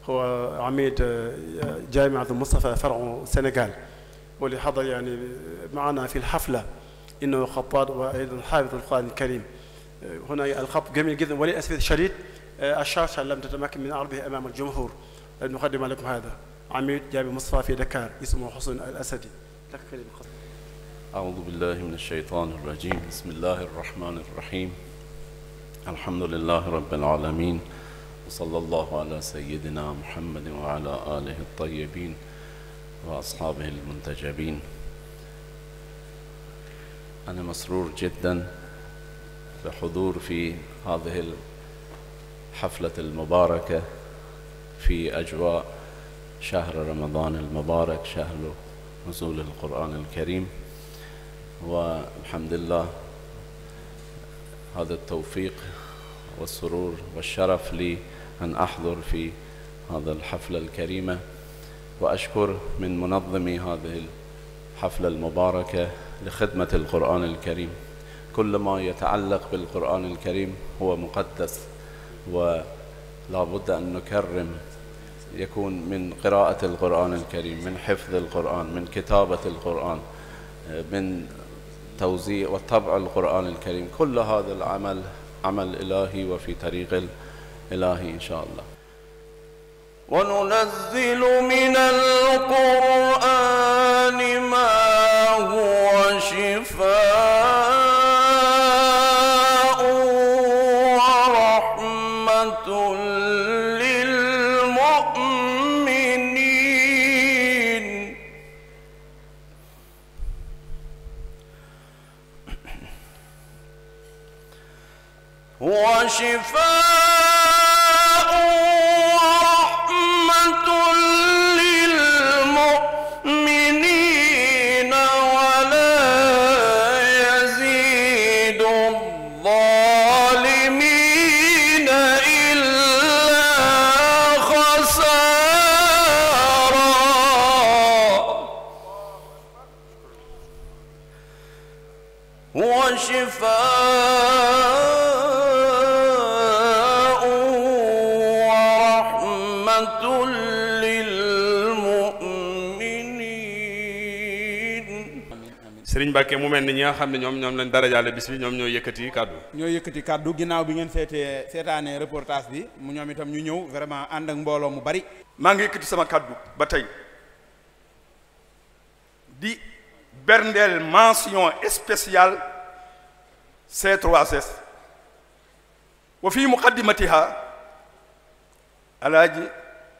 وعميد جامعة المصطفى فرع سنغال واللي حضر يعني معنا في الحفلة إنه خطاط وأيضا حافظ القرآن الكريم هنا الخط جميل جدا وللأسف الشديد الشاشة لم تتمكن من عرضه أمام الجمهور نقدم لكم هذا عميد جامعة مصطفى في دكار اسمه حسن الأسدي لك كلمة أعوذ بالله من الشيطان الرجيم بسم الله الرحمن الرحيم الحمد لله رب العالمين وصلى الله على سيدنا محمد وعلى آله الطيبين وأصحابه المنتجبين أنا مسرور جدا بحضور في هذه الحفلة المباركة في أجواء شهر رمضان المبارك شهر نزول القرآن الكريم والحمد لله هذا التوفيق والسرور والشرف لي أن أحضر في هذا الحفلة الكريمة وأشكر من منظمي هذه الحفلة المباركة لخدمة القرآن الكريم كل ما يتعلق بالقرآن الكريم هو مقدس ولا بد أن نكرم يكون من قراءة القرآن الكريم من حفظ القرآن من كتابة القرآن من توزيع وطبع القرآن الكريم كل هذا العمل عمل إلهي وفي طريق إلهي إن شاء الله وننزل من القرآن ما هو شفاء ورحمة للمؤمنين هو شفاء sëñ mu mel ni ñi nga xam ne ñoom ñoom lañ dara jaale bis bi ñoom ñoo yëkkati kàddu ñoo yëkkati kàddu ginnaaw bi ngeen seetee seetaanee reportage bi mu ñoom itam ñu ñëw vraiment ànd ak mbooloo mu bari maa ngi yëkkati sama kàddu ba tey di berndeel mention spéciale C3S wa fii muqaddimatiha alaaji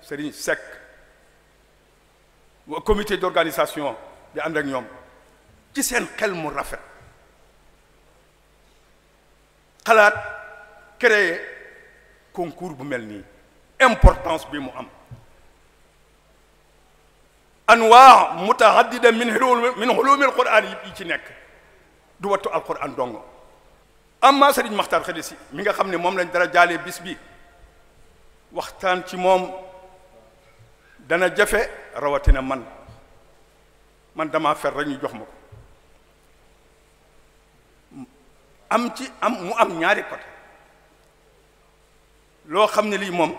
Serigne Seck wa comité d'organisation di ànd ak ñoom ci seen xel mu rafet xalaat créer concours bu mel nii importance bi mu am anwaa mutahaddida min ulum min ulumil quran yi ci nekk du wattu alquran dong amma sëriñ maxtaar xadisi mi nga xam ne moom lañ dara jaalee bis bi waxtaan ci moom dana jafe rawatina man man dama fer rek jox ma am ci am mu am ñaari côté loo xam ne lii moom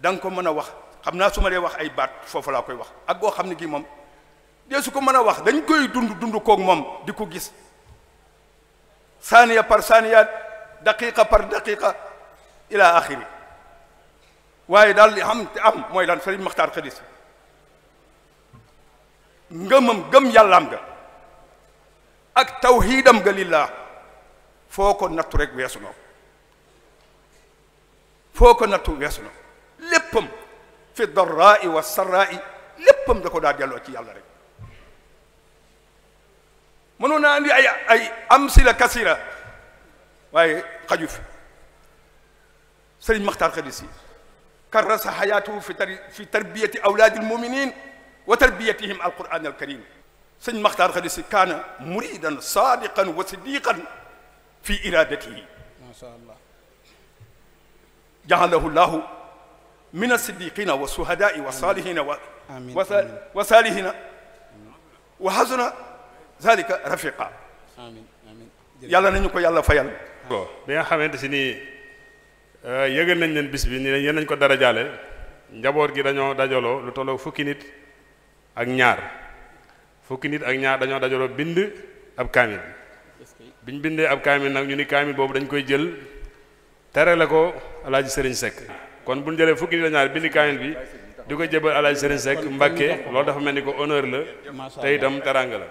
da ko mën a wax xam naa su ma dee wax ay baat foofu laa koy wax ak goo xam ne gii moom dee su ko mën a wax dañ koy dund dund koog moom di ko gis saaniya par saaniya daqiqa par daqiqa ila axiri waaye daal li am mooy lan Sëriñ Maxtaar Xadis ngëmam gëm yàllaam ga ak tawxiidam ga lillah foo ko nattu rek weesu na foo ko nattu weesu na léppam fi darraai wa sarraai léppam da ko daa delloo ci yàlla rek mënoon naa andi ay ay amsila kasira waaye xaju fi sëriñ maxtaar xadis yi karrasa xayaatuhu fi tar fi tarbiyati awlaadi almuminin wa tarbiyatihim alquran alkarim sëriñ maxtaar xadis yi kaana muridan sadiqan wa siddiqan fi iradatihi ma sha allah jahalahu llahu min alsiddiqina wa suhadai wa salihina wa salihina wa hasuna zalika rafiqa yàlla nañu ko yàlla fayal bon bi nga xamante si nii euh, yëgal nañ leen bis bi ni yéen nañ ko dara darajaale njaboot gi dañoo dajaloo lu tolloo fukki nit ak ñaar fukki nit ak ñaar dañoo dajaloo bind ab kaamil bi ñu bindee ab kaamil nag ñu ni kaamil boobu dañ koy jël tere la ko alaaji sëriñ Seck kon bu ñu jëlee fukki la ñaar kaamil bi di ko jébal alaaji sëriñ Seck Mbàkke loolu dafa mel ni ko honneur la te itam teraanga la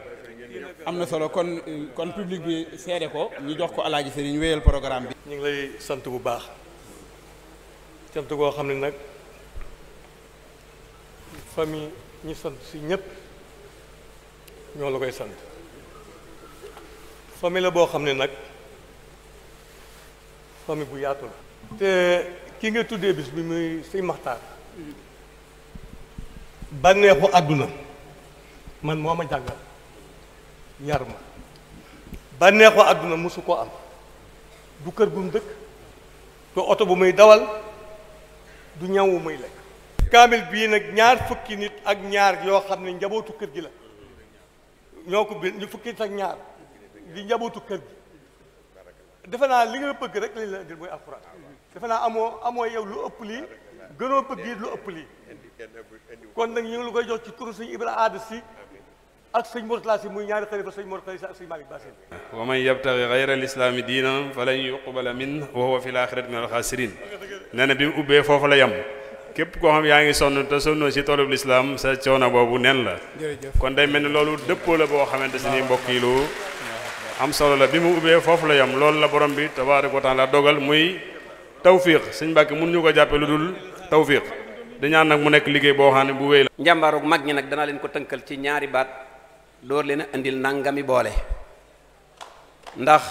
am na solo kon kon public bi seede ko ñu jox ko alaaji sëriñ wéyal programme bi ñu ngi lay sant bu baax sant koo xam ne nag famille ñi sant si ñëpp ñoo la koy sant famille la boo xam ne nag famille bu yaatu la te ki nga tuddee bis bi muy sëñ Maxtaar bànneexu àdduna man moom a jàng yar ma bànneexu àdduna mosu ko am du kër gum dëkk du oto bu muy dawal du ñaw muy lekk kaamil bii nag ñaar fukki nit ak ñaar yoo xam ne njabootu kër gi la ñoo ko bind ñu fukki nit ak ñaar di njabootu kër gi defe naa li nga bëgg rek lañ la indil mooy alxuraan defe naa amoo amoo yow lu ëpp lii gënoo bëgg yi lu ëpp lii kon nag ñu lu koy jox ci turu suñu Ibra Aada Si ak sëñ Mourtala Si muy ñaari xalifa sëñ Mourtala Si ak sëñ Malick Bassine wa man yabtaxi gayra alislaami diinan falan yuqbala min wa huwa fi l axirati min alxaasiriin na bi mu ubbee foofu la yem képp koo xam yaa ngi sonn te sonnoo si toolub lislaam sa coono boobu nen la kon day mel ni loolu dëppoo la boo xamante si ni mbokk yi lu am solo la bi mu ubbee foofu la yam loolu la borom bi tabaaraka wa taala dogal muy tawfiq sëñ Mbàkke mun ñu ko jàppe lu dul tawfiq di ñaan nag mu nekk liggéey boo xam ne bu wéy la njàmbaarug mag ñi nag danaa leen ko tënkal ci ñaari baat door leen a indil nangami boole ndax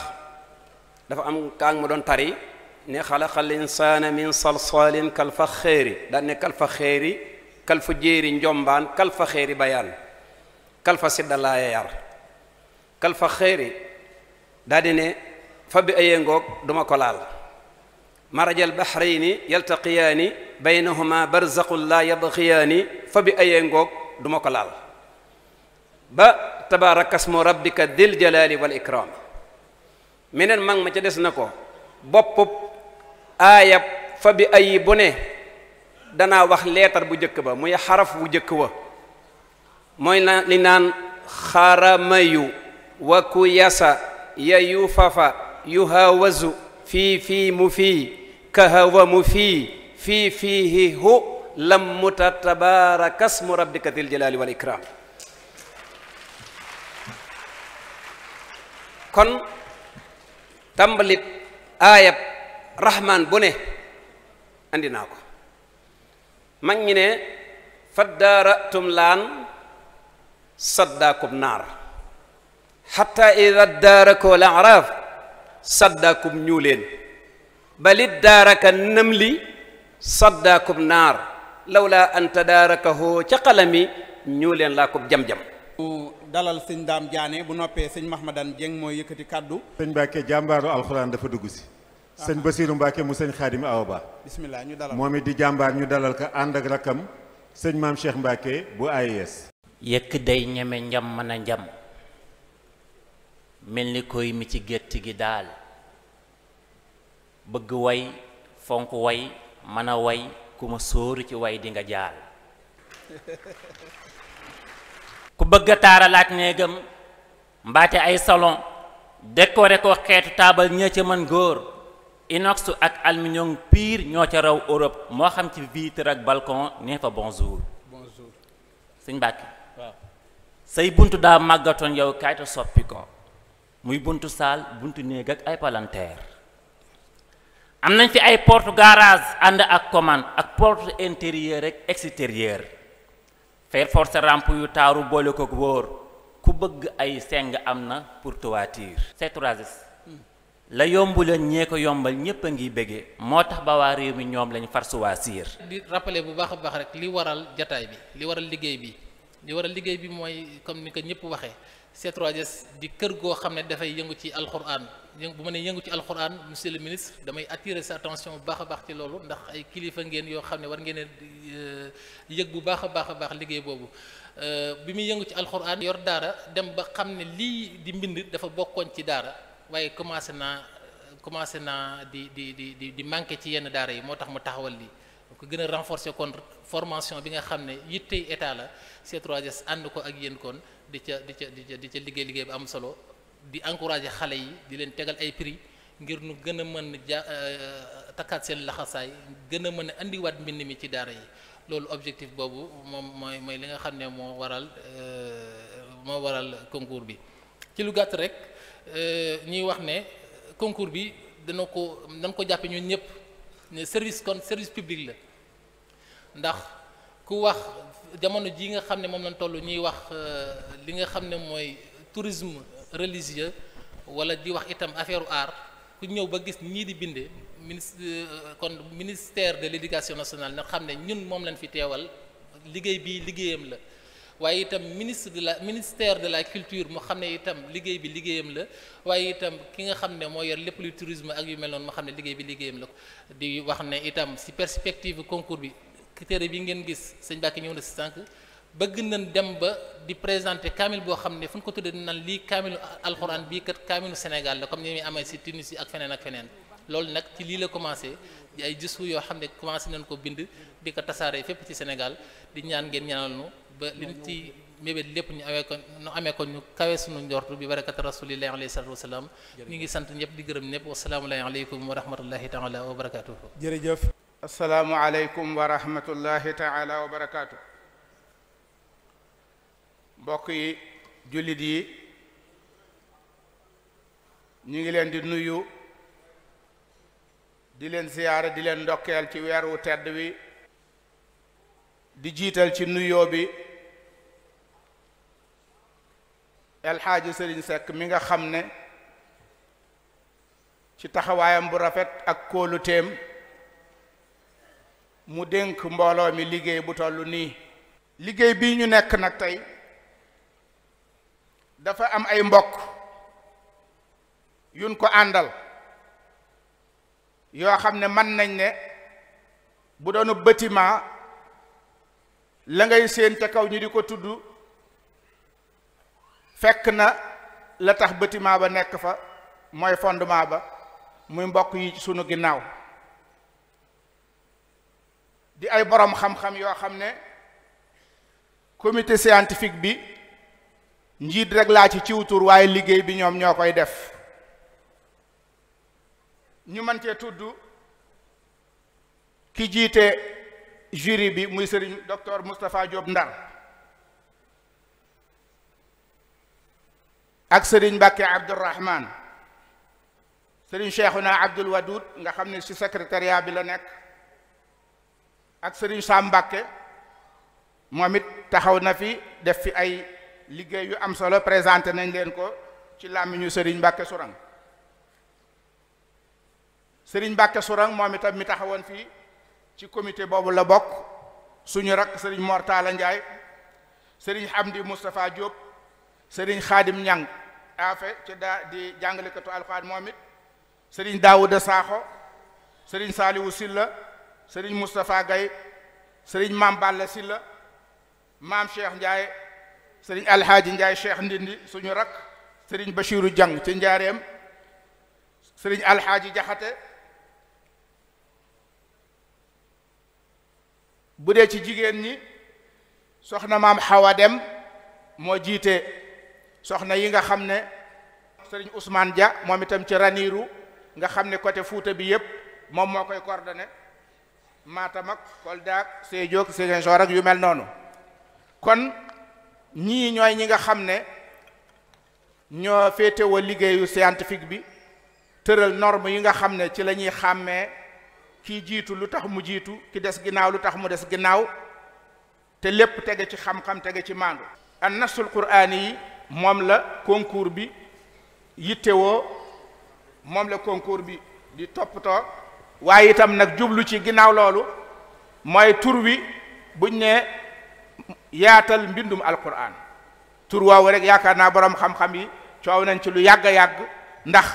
dafa am kaang ma doon tari ne xalaqal insaana min salsaalin kal kalfa xeeri daan kalfa xeeri kal fa jéeri njombaan kal xeeri bayaan kal fa sidda yar kal xeeri daa ne fa bi ayee ngoog duma ko laal marajal bahrayni yaltaqiyaani baynahuma barzaqun laa yabxiyaani fa bi ayee ngoog duma ko laal ba tabaarakasmu rabbika dil jalaali wal ikram meneen mag ma ca des na ko boppub aayab fa bi ayi bu ne danaa wax leetar bu jëkk ba muy xaraf bu jëkk wa mooy na li naan xaramayu wa ku yasa yayufafa yuhawazu fii fii mu fii kahawa mu fii fii fiihi hu lam muta tabaraka smu rabbika dil wal ikram kon tàmbalit aayab rahman bu ne andi naa ko mag ñi ne faddaratum laan saddaakum naar xatta ida daarakoo la araaf saddaakum ñuuleen balit daaraka namli saddaakum naar lawla an tadaarakahoo ca xalami ñuuleen laa ko jam-jam dalal sëñ daam jaane bu noppee sëñ mahmadan jeng mooy yëkkati kàddu sëñ Mbàkke jàmbaaru alxuraan dafa dugg si ah. sëñ basiiru Mbàkke mu sëñ xaadim awa ñu dalal moom it di jàmbaar ñu dalal ko ànd ak rakkam sëñ maam cheikh Mbàkke bu AES yëkk day ñeme njam mën a njam mel ni koy mi ci gétt gi daal bëgg woy fonk woy mën a woy ku ma sóoru ci way dinga nga jaal *laughs* ku bëgg a taaralaat néegam mbaate ay salon décoré ko xeetu taabal ñee ca mën góor inox ak aluminium piir ñoo ca raw Europe moo xam ci vitre ak balcon nee fa bonjour bonjour sëñ say buntu daa màggatoon yow kayta soppi ko muy buntu saal buntu néeg ak ay palanteer am nañ fi ay porte garage ànd ak commande ak porte intérieur ak extérieur fer force ramp yu taaru boole ko wóor ku bëgg ay seng am na pour toiture la yombu leen ñee ko yombal ñépp a ngi bëggee moo tax ba waa réew mi ñoom lañ far suwaasiir di rappeler bu baax baax rek li waral jataay bi li waral liggéey bi li waral liggéey bi mooy comme ni ko ñépp waxee C3S di kër goo xam ne dafay yëngu ci alxuraan yëngu bu ma nee yëngu ci alxuraan monsieur le ministre damay attirer sa attention bu baax a baax ci loolu ndax ay kilifa ngeen yoo xam ne war ngeen euh, yëg bu baax a baax a baax liggéey boobu euh, bi muy yëngu ci alxuraan yor daara dem ba xam ne lii di mbind dafa bokkoon ci daara waaye commencé naa commencé naa di di di di di manqué ci yenn daara yi moo tax mu taxawal lii. ko gën a renforcer kon formation bi nga xam ne yittey état la c 3 ànd ko ak yéen kon. di ca di ca di ca di ca liggéey liggéey bi am solo di encourager xale yi di leen tegal ay prix ngir nu gën a mën ja euh, takkaat seen laxasaay gën a mën a indiwaat mbind mi ci daara yi loolu objectif boobu moom mooy mooy li nga xam ne moo waral euh, moo waral concours bi ci lu gàtt rek euh, ñuy wax ne concours bi dana ko dañ ko jàppe ñun ñëpp ne service kon service public la ndax ku wax jamono jii nga xam ne moom lañ toll ñuy wax euh, li nga xam ne mooy tourisme religieux wala di wax itam affaire art ku ñëw ba gis ñii di binde ministre euh, kon ministère de l'éducation nationale na xam ne ñun moom lañ fi teewal liggéey bi liggéeyam la waaye itam ministre de la ministère de la culture moo xam ne itam liggéey bi liggéeyam la waaye itam ki nga xam ne moo yor lépp lu tourisme ak yu mel noonu moo xam ne liggéey bi liggéeyam la ko di wax ne itam si perspective concours bi téere bi ngeen gis sëñ Mbàkke ñëw na si sànq bëgg nañ dem ba di présenter kaamil boo xam ne fu ñu ko tuddee nan lii kaamilu alxuraan bii kat kaamilu Sénégal la comme ni muy amee si Tunisie ak feneen ak feneen nag ci lii la commencé yoo xam ne commencé nañ ko bind di ko tasaare fépp ci Sénégal di ñaan ngeen ñaanal nu ba liñ ci mébét lépp ñu amee ko ñu kawe suñu njortu bi barakat rasulillahi alayhi salatu wasalaam ñu ngi sant ñëpp di gërëm ñëpp wasalaamu aleykum wa rahmatullahi taala asalaamualeykum wa rahmatullahi taala wa barakaatu mbokk yi jullit yi ñu ngi leen di nuyu di leen ziyaare di leen ndokkeel ci weer wu tedd wi di jiital ci nuyoo bi alxaaji Sëriñ Seck mi nga xam ne ci taxawaayam bu rafet ak kóolu téem mu dénk mbooloo mi liggéey bu toll nii liggéey bii ñu nekk nag tey dafa am ay mbokk yuñ ko àndal yoo xam ne mën nañ ne bu doonu bâtiment la ngay séen te kaw ñu di ko tudd fekk na la tax bâtiment ba nekk fa mooy fondement ba muy mbokk yi ci sunu ginnaaw di ay borom xam-xam yoo xam ne comité scientifique bi njiit rek laa ci ciw waaye liggéey bi ñoom ñoo koy def ñu mën cee tudd ki jiite jury bi muy sëriñ docteur Moustapha jóob Ndar ak sëriñ Mbacke Abdourahman sëriñ Cheikhouna Abdoul Wadoud nga xam ne ci secrétariat bi la nekk ak sëriñ Sam Mbàkke moomit taxaw na fi def fi ay liggéey yu am solo présenté nañ leen ko ci làmmiñu sëriñ Mbàkke Sourang sëriñ Mbàkke Sourang moom mi taxawoon fii ci comité boobu la bokk suñu rak sëriñ Mortala Ndiaye sëriñ Hamdi Moustapha Diop sëriñ Xaadim Ñang afe ci daa di jàngalekatu alxuraan moom it sëriñ Daawuda Saaxo sëriñ Saaliwu Silla sëriñ Moustapha Gaye sëriñ maam Balla Silla maam Cheikh Ndiaye sëriñ Alhaaji Ndiaye Cheikh Ndindi suñu rak sëriñ Bachiru Jang ci njaareem sëriñ Alhaaji Jaxate bu dee ci jigéen ñi soxna maam Xawa Dem moo jiite soxna yi nga xam ne sëriñ Ousmane Dia moom itam ci Raniiru nga xam ne côté Fuuta bi yépp moom moo koy coordonné Matam ak Kolda ak Sédhiou ak Ziguinchor yu mel noonu kon ñii ñooy ñi nga xam ne ñoo féetewoo liggéeyu scientifique bi tëral norme yi nga xam ne ci la ñuy xàmmee kii jiitu lu tax mu jiitu ki des ginnaaw lu tax mu des ginnaaw te lépp tege ci xam-xam tege ci maandu an nasul quraani yi moom la concours bi yittewoo moom la concours bi di toppatoo waaye itam nag jublu ci ginnaaw loolu mooy tur wi buñ ne yaatal mbindum alquran tur waaw rek yaakaar naa borom xam-xam yi coow nañ ci lu yàgg a yàgg ndax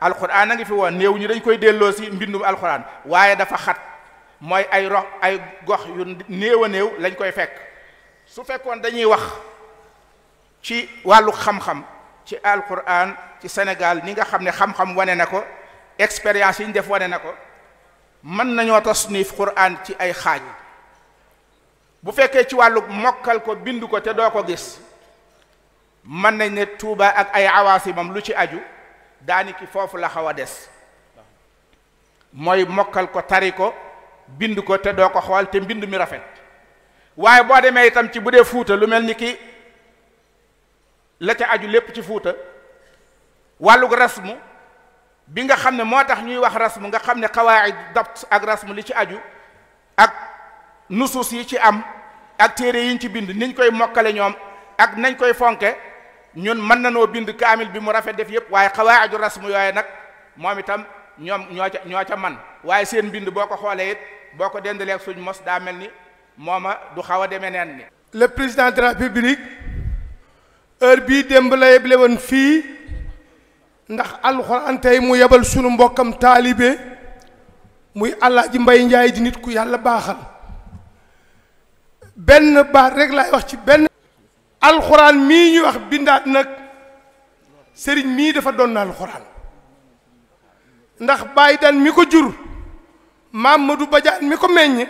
alquran a ngi fi woon néew ñi dañ koy delloo si mbindum alquran waaye dafa xat mooy ay rox gox yu néew néew lañ koy fekk su fekkoon dañuy wax ci wàllu xam-xam ci alquran ci Sénégal ni nga xam ne xam-xam wane na ko expérience yi ñu def wane na ko mën nañoo tasnif quraan ci ay xaaj bu fekkee ci wàllu mokkal ko bind ko te doo ko gis mën nañ ne tuuba ak ay awaasimam lu ci aju ki foofu la xaw a des mooy mokkal ko tari ko bind ko te doo ko xool te mbind mi rafet waaye boo demee itam ci bu dee fuuta lu mel ni ki la ca aju lépp ci fuuta wàllug rasmu bi nga xam ne moo tax ñuy wax rasmu nga xam ne xawaayid dabt ak rasmu li ci aju ak nusuus yi ci am ak téere yiñ ci bind niñ koy mokkale ñoom ak nañ koy fonke ñun mën nanoo bind kaamil bi mu rafet def yëpp waaye xawaayidu rasmu yooye nag moom itam ñoom ñoo ca ñoo ca man waaye seen bind boo ko xoolee boo ko dendalee ak suñ mos daa mel ni mooma du xaw a demee neen ni le président de république heure bii démb la yeble woon fii ndax alxuraan tey mu yebal sunu mbokkam taalibe muy Alaaji Mbay Njaay di nit ku yàlla baaxal benn baat rek laay wax ci benn alxuraan mii ñuy wax bindaat nag sëriñ mii dafa doon na alxuraan ndax bàyyi daan mi ko jur maam Madou Badiane mi ko meññ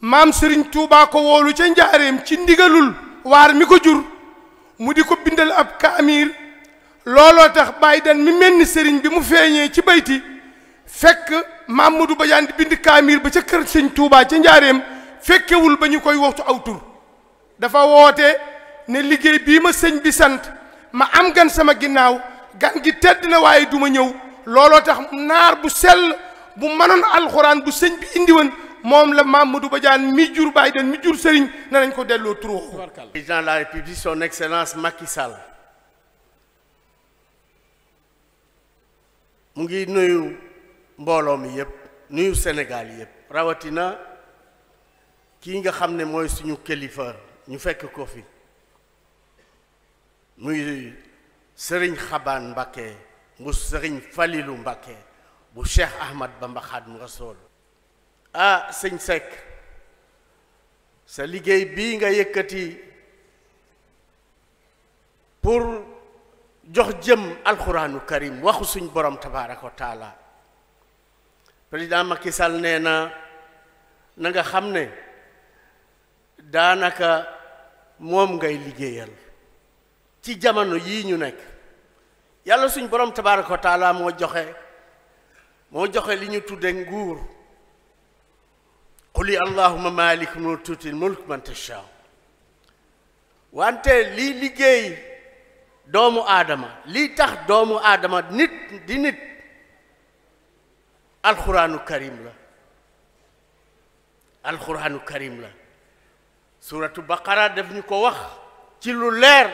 maam sëriñ Tuubaa ko woolu ca njaareem ci ndigalul waar mi ko jur mu di ko bindal ab kaamir looloo tax Biden mi mel ni sëriñ bi mu feeñee ci bayti fekk Mamadou Badiane di bind kaamir ba ca kër sëñ Touba ca njaareem fekkewul ba ñu koy waxtu aw tur dafa woote ne liggéey bii ma sëñ bi sant ma am gan sama ginnaaw gan gi tedd na waaye ma ñëw looloo tax naar bu sell bu mënoon alxuraan bu sëñ bi indi woon moom la ma Mamadou Badiane mi jur Biden mi jur sëriñ ne nañ ko delloo tur woowu président de la république son excellence Macky Sall mu ngi nuyu mbooloo mi yëpp nuyu Sénégal yëpp rawatina kii nga xam ne mooy suñu kilifa ñu fekk ko fi muy sëriñ xaban Mbakke mu sëriñ Falilu Mbakke bu Cheikh Ahmad Bamba Xaadimu Rasuul ah sëñ Seck sa liggéey bii nga yëkkati pour jox jëm alxuraanu karim waxu suñ borom tabaaraka wa président Macky Sall nee na na xam ne daanaka moom ngay liggéeyal ci jamono yii ñu nekk yàlla suñ borom tabaaraka wa taala moo joxe moo joxe li ñu tudde nguur quli allahuma malik mu tuutil mulk man tashaa wante lii liggéey doomu aadama lii tax doomu aadama nit di nit alxuraanu karim la alxuraanu karim la suratu baqara def ñu ko wax ci lu leer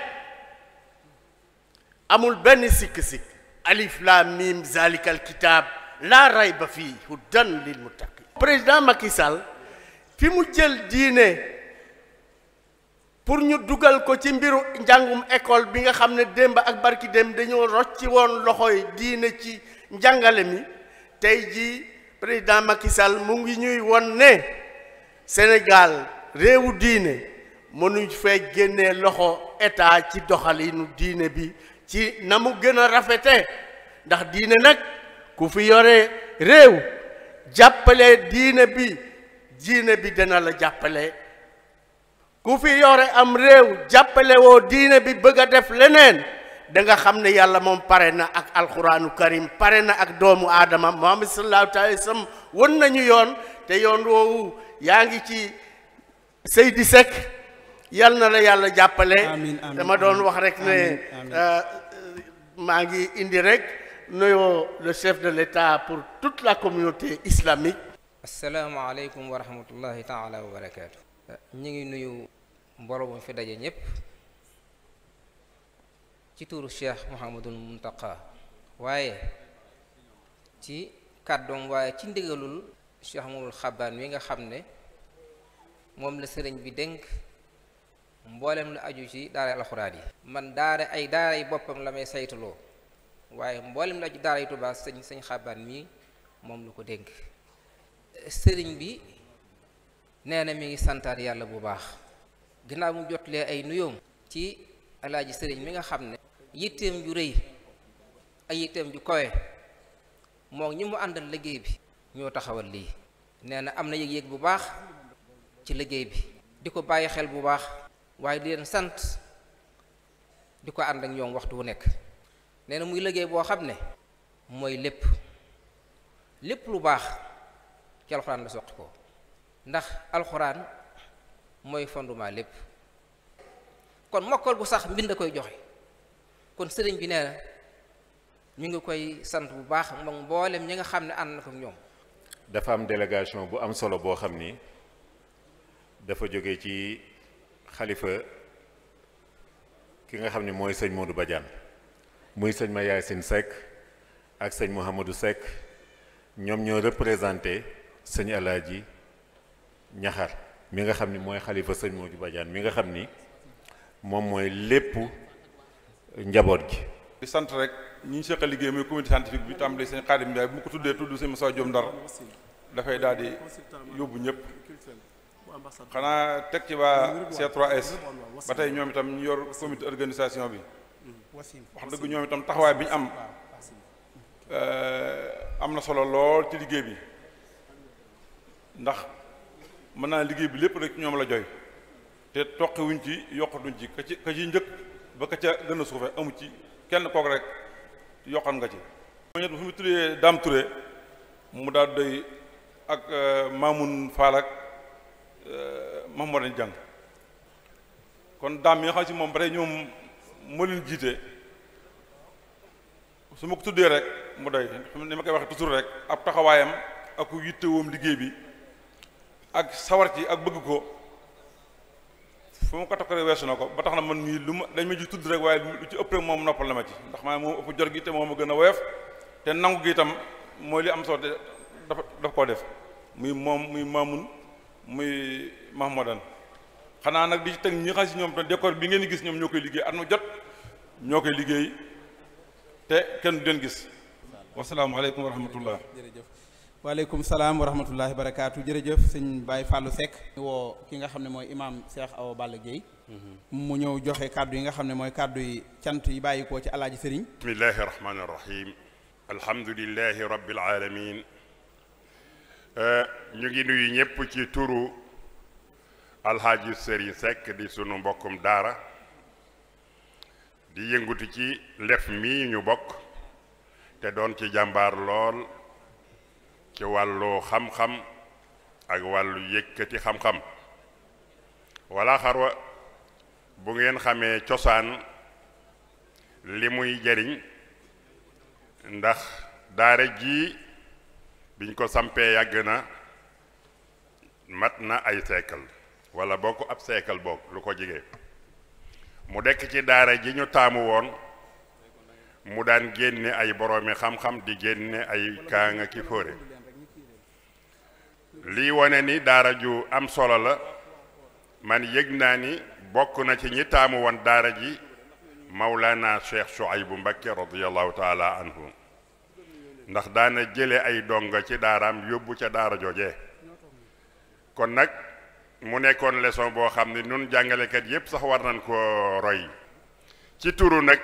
amul benn sikk-sikk alif lam mim zalikal kitaab laa rayba fii hudan lil muttaqin président Macky fi mu jël diine pour ñu dugal ko ci mbiru njàngum école bi nga xam ne démb ak barki démb dañoo rocci woon loxoy diine ci njàngale mi tey ji président Macky Sall mu ngi ñuy won ne Sénégal réewu diine mënuñ fee génnee loxo état ci doxalinu diine bi ci na mu gën a rafete ndax diine nag ku fi yore réew jàppale diine bi diine bi dana la jàppale ku fi yore am réew jàppale woo diine bi bëgg a def leneen danga xam ne yàlla moom pare na ak alxuraanu karim pare na ak doomu aadama muhammad sallallahu alayhi wa sallam won nañu yoon te yoon woowu yaa ngi ci Seydi Seck yal na la yàlla jàppale dama doon wax rek ne euh, maa ngi indi rek nuyoo le chef de l'État pour tout la communauté islamique asalaamaaleykum wa rahmatullahi taala wa barakaatu ñu ngi nuyu mbooloo mu fi daje ñëpp ci tuuru Cheikh Mouhamadul Muntaqa waaye ci kàddoom waaye ci ndigalul Cheikh Mouhamadul Xabaan wi nga xam ne moom la sëriñ bi dénk mboolem la aju ci daara alxuraan yi man daara ay daara yi boppam la may saytuloo waaye mboolem la aju daara yi Tuubaa sëñ sëñ Xabaan mi moom la ko dénk sëriñ bi nee na mi ngi santaat yàlla bu baax ginnaaw mu jotlee ay nuyoom ci alaaji sëriñ mi nga xam ne yitteem ju rëy ay yitteem ju kowe moo ñi mu àndal liggéey bi ñoo taxawal lii nee na am na yëg-yëg bu baax ci liggéey bi di ko bàyyi xel bu baax waaye di leen sant di ko àndak ñoom waxtu wu nekk nee muy liggéey boo xam ne mooy lépp lépp lu baax ci alxuraan la soqi ko ndax alxuraan mooy fondement lépp kon mokkal bu sax mbind koy joxe kon sëriñ bi nee na ñu ngi koy sant bu baax moom mboolem ñi nga xam ne ànd na ko ñoom. dafa am délégation bu am solo boo xam ni dafa jóge ci xalifa ki nga xam ni mooy sëñ Modou Badiane muy sëñ Ma Yacine Seck ak sëñ Mouhamadou Seck ñoom ñoo représenté sëñ Alaaji ñaxar mi nga xam ni mooy xalifa sëñ Modou Badiane mi nga xam ni moom mooy lépp njaboot gi. di sant rek ñu seq liggéey mooy comité scientifique bi tàmbali sëñ Xaadim Ndiaye bu mu ko tuddee tudd sëñ Moussa Diom Ndar dafay daal di yóbbu ñëpp xanaa teg ci waa C3S ba tey ñoom itam ñu yor comité organisation bi wax dëgg ñoom itam taxawaay bi ñu am euh, am na solo lool ci liggéey bi ndax. mën naa liggéey bi lépp rek ñoom la joy te toqi ci yokkatuñ ci ka ci ka ci njëkk ba ka ca gën a suufe amu ci kenn kook rek yokkan nga ci ñett bu fi mu tuddee Dame Touré mu daal doy ak euh, Mamoun Fall ak euh, Mahmoudane Dieng kon daam yi nga xam si moom ba tey ñoom moo leen jiite su ma ko tuddee rek mu doy ni ma koy waxee toujours rek ab taxawaayam ak ku yittewoom liggéey bi ak sawar ci ak bëgg ko fu ma ko weesu na ko ba tax na man mii lu ma dañ ma ji tudd rek waaye lu ci ëpp rek moom noppal na ma ci ndax maa moom ëpp jor gi te moom a gën a woyof te nangu itam mooy li am solo te dafa daf koo def muy moom muy Mamoun muy Mahmoudan xanaa nag di ci teg ñi xam si ñoom te bi ngeen gis ñoom ñoo koy liggéey at mu jot ñoo koy liggéey te kenn du leen gis. wasalaamaaleykum wa rahmatullah. waaleykum salaam wa rahmatullahi barakaatu jërëjëf sëñ Baye Fallou Seck woo ki nga xam ne mooy imaam Cheikh aw Balla Gueye mm-hmm. mu ñëw joxe kàddu yi nga xam ne mooy kàddu yi cant yi bàyyi ko ci alaaji sëriñ bismillahi rahmaani rahim alhamdulillahi rabbil alamin ñu ngi nuyu ñëpp ci turu alhaaji sëriñ Seck di sunu mbokkum daara di yëngutu ci lef mi ñu bokk te doon ci jàmbaar lool ci wàllu xam-xam ak wàllu yëkkati xam-xam wala xarwa bu ngeen xamee cosaan li muy jariñ ndax daara jii biñ ko sampee yàgg na mat na ay siècle wala bokk ko ab siècle boog lu ko jege mu dekk ci daara ji ñu taamu woon mu daan génne ay boroomi xam-xam di génne ay nga ki fóore lii wane ni daara ju am solo la man yëg naa ni bokk na ci ñi taamu won daara ji Mawlana Cheikh Shuaybu Mbakke radiyallahu taala anhu ndax daana jële ay donga ci daaraam yóbbu ca daara jooje kon nag mu nekkoon leçon boo xam ne nun jàngalekat yépp sax war nañ ko roy ci turu nag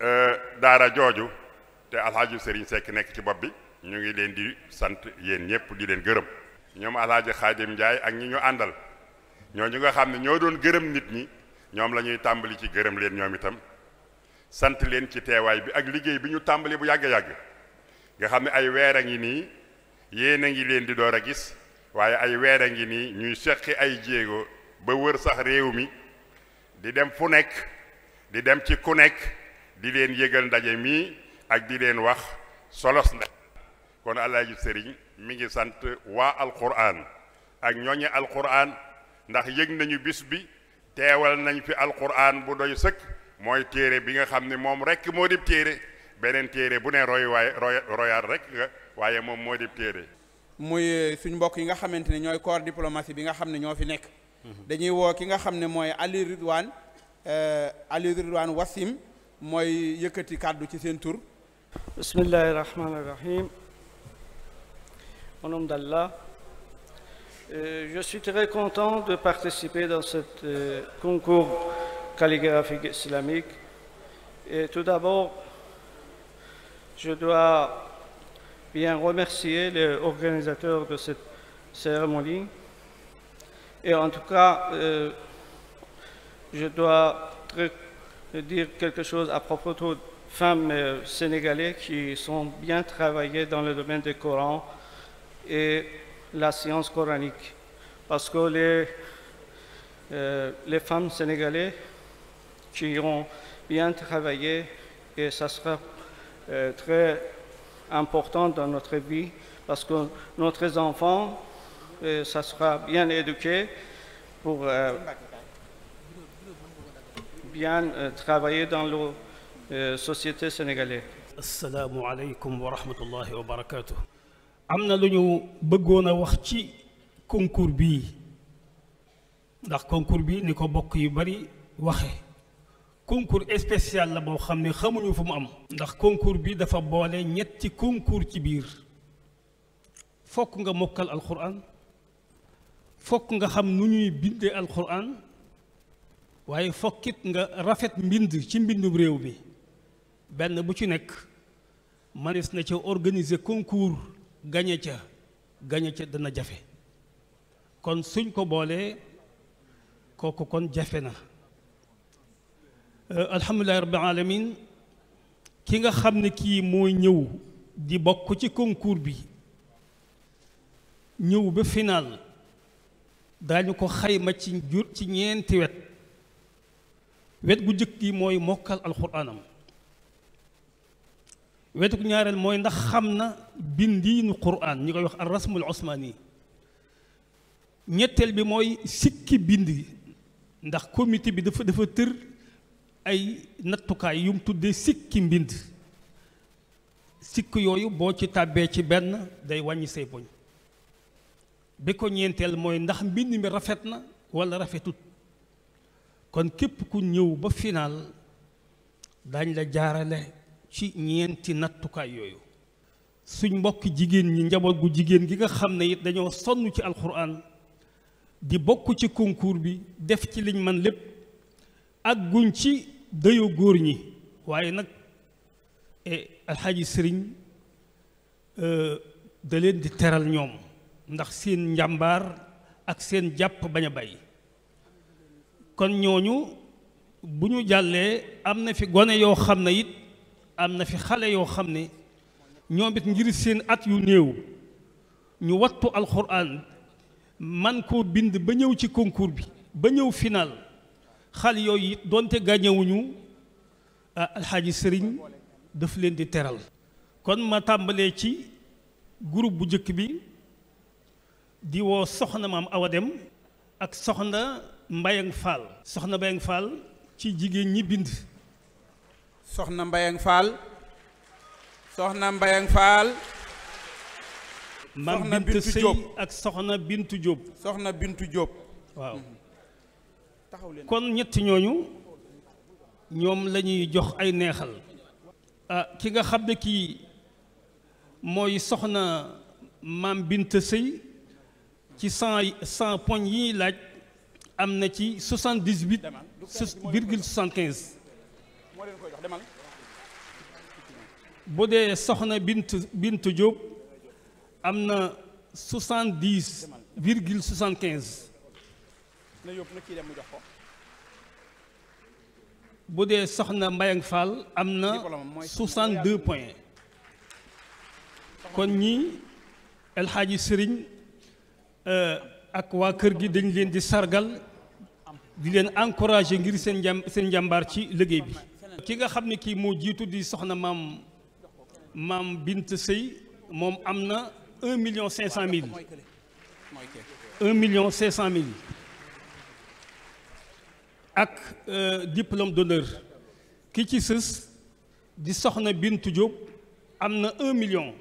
euh, daara jooju te alxaaji Sëriñ Sekk nekk ci bopp bi ñu ngi leen di sant yéen ñëpp di leen gërëm ñoom alaaji xaadim njaay ak ñi ñu àndal ñoo ñu nga xam ne ñoo doon gërëm nit ñi ñoom la ñuy tàmbali ci gërëm leen ñoom itam sant leen ci teewaay bi ak liggéey bi ñu tàmbali bu yàgg-yàgg nga xam ne ay weer a ngi nii yéen a ngi leen di door a gis waaye ay weer a ngi nii ñuy seqi ay jéego ba wër sax réew mi di dem fu nekk di dem ci ku nekk di leen yëgal ndaje mii ak di leen wax solos ndaje kon alaaji sëriñ mi ngi sant waa alquran ak ñooñi alquran ndax yëg nañu bis bi teewal nañ fi alquran bu doy sëkk mooy téere bi nga xam ne moom rek moo dib téere beneen téere bu ne roy waaye royaat rek waaye moom moo dib téere muy eh, suñ mbokk yi nga xamante ne ñooy corps diplomatie bi nga xam ne ñoo fi nekk mhm. dañuy woo ki nga xam ne mooy Ali Ridwan eh, Ali Ridwan Wasim mooy yëkkati kàddu ci seen tur bismillahi rahmaani au nom d'Allah. Euh, je suis très content de participer dans ce euh, concours calligraphique islamique. Et tout d'abord, je dois bien remercier les organisateurs de cette cérémonie. Et en tout cas, euh, je dois très, dire quelque chose à propos de femmes euh, sénégalaises qui sont bien travaillées dans le domaine du Coran et la science coranique. Parce que les, euh, les femmes sénégalaises qui ont bien travaillé, et ça sera euh, très important dans notre vie, parce que notre enfant, euh, ça sera bien éduqué pour euh, bien euh, travailler dans la société sénégalaise. am na lu ñu bëggoon a wax ci concours bii ndax concours bi ni ko bokk yu bari waxe concours spécial la boo xam ne xamuñu fu mu am ndax concours bi dafa boole ñetti concours ci biir fokk nga mokkal alxuraan fokk nga xam nu ñuy bindee alxuraan waaye fokkit nga rafet mbind ci mbindum réew mi benn bu ci nekk manees na ca organiser concours gañe ca gañe ca dana jafe kon suñ ko boolee kooku kon jafe na euh, alhamdulilahi rabbil alamin ki nga xam ne kii mooy ñëw di bokk ci concours bi ñëw ba finaal daañu ko xayma ci jur ci ñeenti wet wet gu jëkk gi mooy mokkal alxuraanam wetuk ñaareel mooy ndax xam na bindiinu quraan ñi koy wax al rasmul ñetteel bi mooy sikki bind ndax comité bi dafa dafa tër ay nattukaay yu mu tuddee sikki mbind sikk yooyu boo ci tàbbee ci benn day wàññi say poñ bi ko ñeenteel mooy ndax mbind mi rafet na walla rafetut kon képp ku ñëw ba finaal dañ la jaarale ci ñeenti nattukaay yooyu suñ mbokk jigéen ñi njaboot gu jigéen gi nga xam ne it dañoo sonn ci alxuraan di bokk ci concours bi def ci liñ man lépp ak guñ ci dayo góor ñi waaye nag eh, alxaaji sëriñ euh, da leen di teral ñoom ndax seen njàmbaar ak seen jàpp bañ kon ñooñu bu ñu jàllee am na fi gone yoo xam na it am na fi xale yoo xam ne ñoom it ngir seen at yu néew ñu wattu alxuraan man koo bind ba ñëw ci concours bi ba ñëw final xal yooyu it doonte gàññewuñu ah, alxaaji sëriñ daf leen di teral kon ma tàmbalee ci groupe bu njëkk bi di woo soxna maam Awa ak soxna Mbayang Fall soxna Mbayang Fall ci jigéen ñi bind soxna Mbayang Fall soxna Mbayang Fall maam Bintu Sëy ak soxna Bintu Jóob soxna Bintu Jóob waaw hmm. kon ñetti ñooñu ñoom lañuy jox ay neexal ah, ki nga xam ne kii mooy soxna maam Bintu Sëy ci cent cent poñ yi laaj am na ci soixante-dix-huit virgule soixante-quinze demal bu dee soxna Bintu Bintu Diop am na soixante dix virgule soixante quinze. bu dee soxna Mbayang Fall am na soixante deux points kon ñi El Hadji Serigne euh, ak waa kër gi dañ leen di sargal di leen encourager ngir seen njàm njàmbaar ci liggéey bi. ki nga xam ne kii moo jiitu di soxna maam maam bint sëy moom am na million cinq cent mille un million cinq cent mille ak euh, diplôme d'honneur ki ci sës di soxna bintu Diop am na un million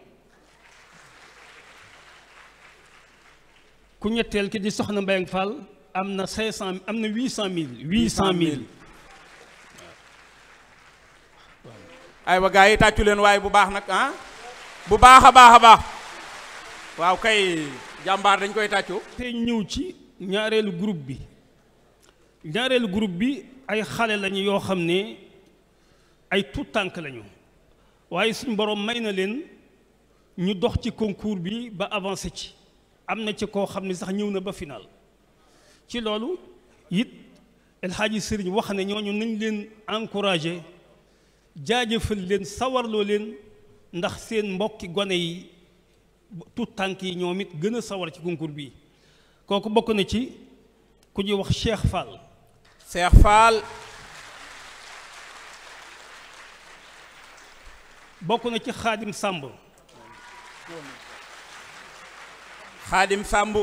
ku ñetteel ki di soxna Mbayang Fall am na cinq cent am na huit cent mille huit cent ay wa gars yi tàccu leen waaye bu baax nag ah bu baax a baax a baax waaw kay jàmbaar dañ koy tàccu te ñëw ci ñaareelu groupe bi ñaareelu group bi ay xale lañu yoo xam ne ay tout tànk lañu waaye suñ borom may na leen ñu dox ci concours bi ba avancé ci am na ci koo xam ne sax ñëw na ba final ci loolu it El Hadji Sëriñ wax ne ñooñu nañ leen encouragé jaajëfal leen sawarloo leen ndax seen mbokki gone yi tuut tànk yi ñoom it gën a sawar ci concours bi kooku bokk na ci ku ñuy wax Cheikh Fall. Cheikh bokk na ci Xaadim Sàmb Xaadim Sàmb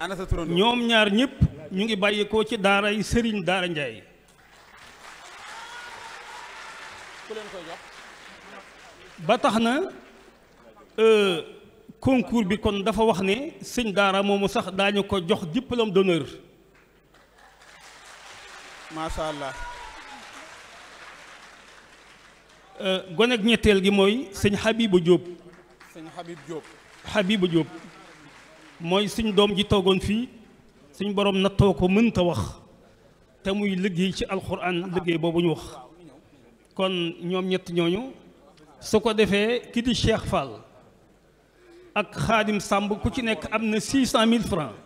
ana ñoom ñaar ñëpp ñu ngi bàyyi ko ci daara yi Serigne Daara Ndiaye. ku leen koy ba tax na euh, concours bi kon dafa wax ne sëñ daara moomu sax daañu ko jox diplôme d'honneur macha allah euh, gonek ñetteel gi mooy sëñ Habibou jóob sëñ Habib Diop Habibou Diop mooy suñ doom ji toogoon fii suñ borom nattoo ko mënta wax te muy liggéey ci alxuraan liggéey boobu ñu wax kon ñoom ñett ñooñu su ko defee ki di Cheikh Fall ak Xaadim sàmb ku ci nekk am na six cent mille francs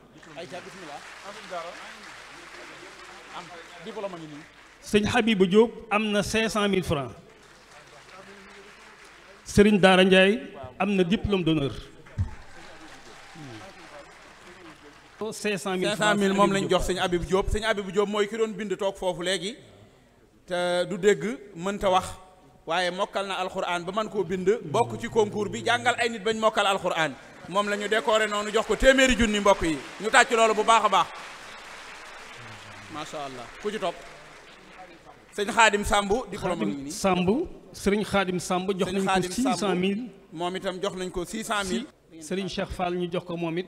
sëñ Habibu Diop am na cinq cent mille francs sëriñ Daara Ndiaye am na diplôme d'honneur cinq cent mille moom lañ jox sëñ Habib Diop sëñ Habib Diop mooy ki doon bind toog foofu léegi du dégg mënta wax waaye mokkal na alxuraan ba man koo bind bokk ci concours bi jàngal ay nit bañ mokkal alxuraan moom la ñu décoré noonu jox ko téeméeri junni mbokk yi ñu tàcc loolu bu baax a baax macha allah ku ci topp sëñ xaadim sàmb diplôme ni sàmb sëriñ xaadim sàmb jox nañ ko six cent mille moom itam jox nañ ko six cent mille sëriñ Cheikh Fall ñu jox ko moom it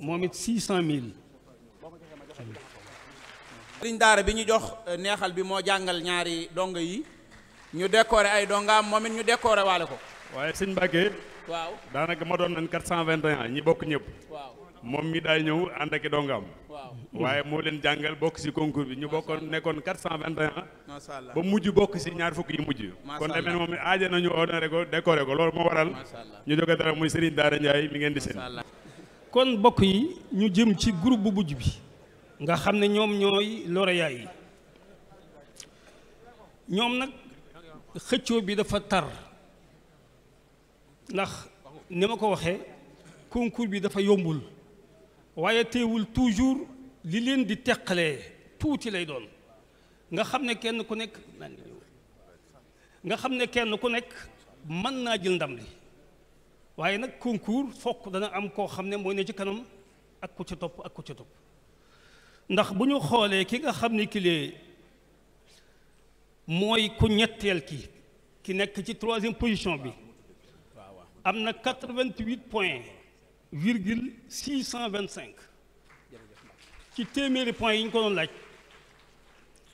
moom it six cent mille sëriñ daara bi ñu jox euh, neexal bi moo jàngal ñaari donga yi ñu décorer ay am moom it ñu décorer waale ko waaye sëñ Mbàkke waaw daanaka ma doon nañ 421 ñi bokk ñëpp waaw moom mi daay ñëw ànd ak i dongaam waaw waaye moo leen jàngal bokk si concours bi ñu bokkoon nekkoon 421 macha allah ba mujj bokk si ñaar fukk yi mujj kon tamit moom aaja nañu honoré ko décoré ko loolu moo waral ñu jóge dara muy Serigne Daara Ndiaye mi ngeen di seen kon bokk yi ñu jëm ci group bu mujj bi nga xam ne ñoom ñooy lauréat yi ñoom nag xëccoo bi dafa tar ndax ni ma ko waxee concours bi dafa yombul waaye teewul toujours li leen di teqalee tuuti lay doon nga xam ne kenn ku nekk nga xam ne kenn ku nekk mën naa jël ndam li waaye nag concours fokk dana am koo xam ne mooy ne ci kanam ak ku ca topp ak ku ca topp ndax bu ñu xoolee ki nga xam ne kilee mooy ku ñetteel ki ki nekk ci troisième position bi am na quatre vingt virgule six cent vingt-cinq ci téeméeri point yi ñu ko doon laaj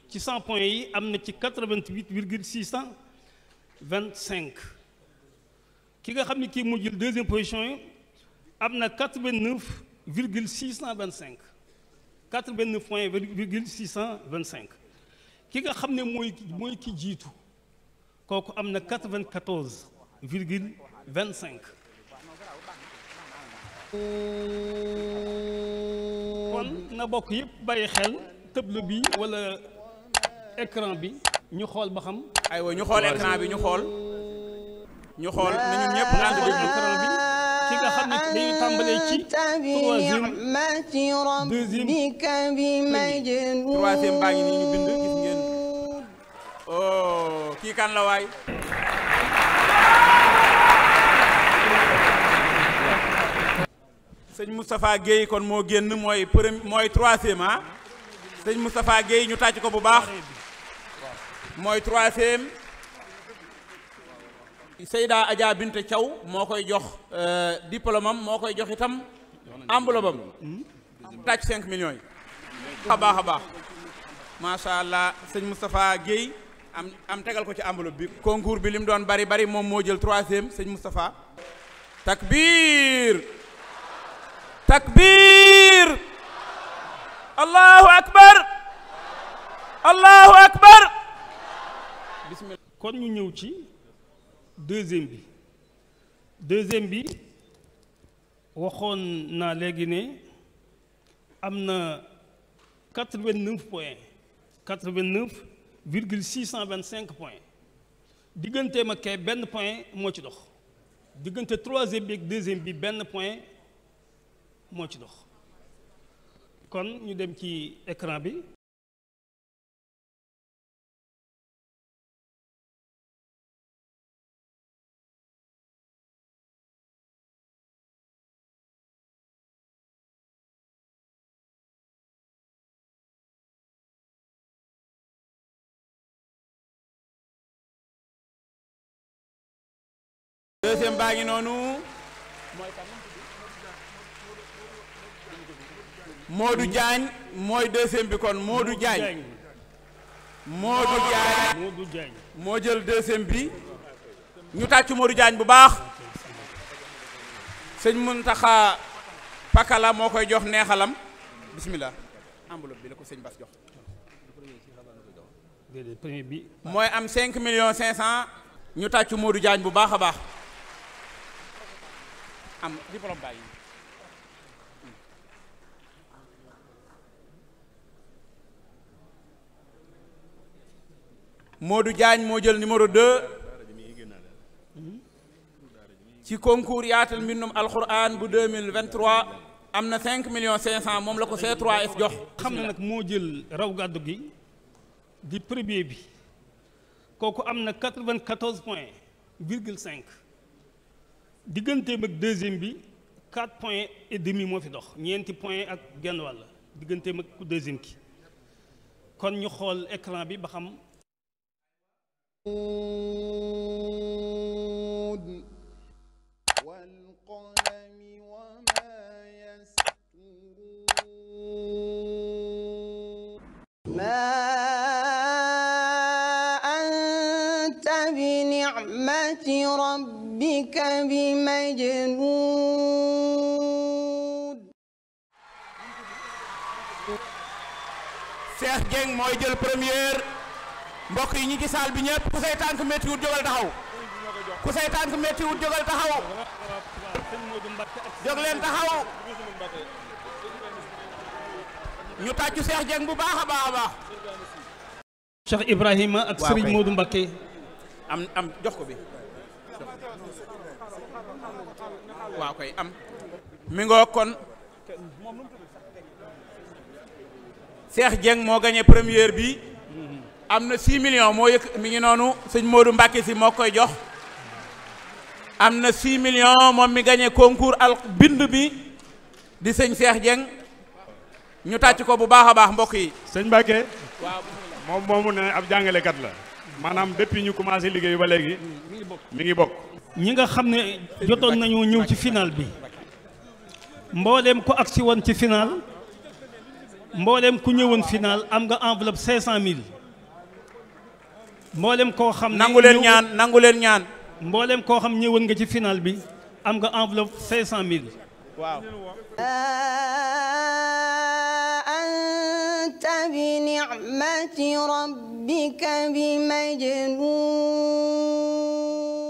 ci cent points yi am na ci quatre-vingt-huit cent vingt-cinq ki nga xam ne kii mu jël deuxième position yi am na quatre virgule six cent vingt-cinq quatre-vingt-neuf point virgule six cent vingt-cinq ki nga xam ne mooy mooy ki jiitu kooku am na quatre-vingt-quatorze cinq kon na bokk yëpp bàyyi xel tableau bi walla écran bi ñu xool ba xam. aywa ñu xool écran bi ñu xool. ñu xool na ñun ñëpp ànd déglu écran bi. yi nga xam ne dañuy ngi nii oh, sëñ Moustapha Guèye kon moo génn mooy premier mooy troisième ah ñu tàcc ko bu baax mooy troisième Seyda Adja Binte Thiaw moo koy jox euh, diplôme am moo koy jox itam enveloppe am taaj 5 millions yi a baax a baax macha allah sëñ Moustapha Guèye am tegal ko ci enveloppe bi concours bi li doon bari bari moom moo jël troisième sëñ Moustapha takbir takbir allahu akbar allahu akbar kon ñu ñëw ci deuxième bi deuxième bi waxoon naa léegi ne am na quatre-vingt-neuf points vingt cinq points digganteem ak kay benn point moo ci dox diggante troisième bi ak deuxième bi benn point moo ci dox kon ñu dem ci écran bi deuxième baa ngi noonu Modou jaañ mooy deuxième bi kon Modou Diagne Modou Diagne moo jël deuxième bi ñu tàcc Modou jaañ bu baax sëñ Muntaxa Pakala moo koy jox neexalam bismillah enveloppe bi la ko sëñ Bass jox mooy am 5 millions 500 ñu moo du jaañ bu baax a baax am diplôme bàyyi Modou moo jël numéro 2 ci concours yaatal mbindum alxuraan bu 2023 am na 5 millions 500 moom la ko c 3 jox. xam na nag moo jël raw gàddu gi di premier bi kooku am na 94 points virgule digganteem ak deuxième bi quatre points et demi moo fi dox ñeenti point ak genn wàll digganteem ak ku deuxième ki kon ñu xool écran bi ba xam ma anta bi ni'mati ربك بمجنون Cheikh Dieng mooy jël première mbokk yi ñi ci saal bi ñëpp ku say tànk métti wut jógal taxaw ku say tànk métti jógal taxaw jóg taxaw ñu tàccu Cheikh Dieng bu baax a baax a baax. waa koy am mi ngoo kon Cheikh Dieng moo gagné première bi am na 6 million moo yëkk mi ngi noonu sëñ Modou Mbacké si moo koy jox am na 6 million moom mi gagné concours al bind bi di sëñ Cheikh Dieng ñu tàcc ko bu baax a baax mbokk yi. sëñ Mbacké. waaw moom moomu ne ab jàngalekat la. maanaam depuis ñu commencé liggéey ba léegi mi ngi bokk. ñi nga xam ne jotoon nañu ñëw ci final bi mbooleem ku agsi woon ci final mbooleem ku ñëwoon final am nga enveloppe 500000 mbooleem koo xam ne nangu leen ñaan nangu ñaan. mbooleem koo xam ñëwoon nga ci final bi am nga enveloppe 500000. waaw. anta bi ni'mati rabbika bi majnun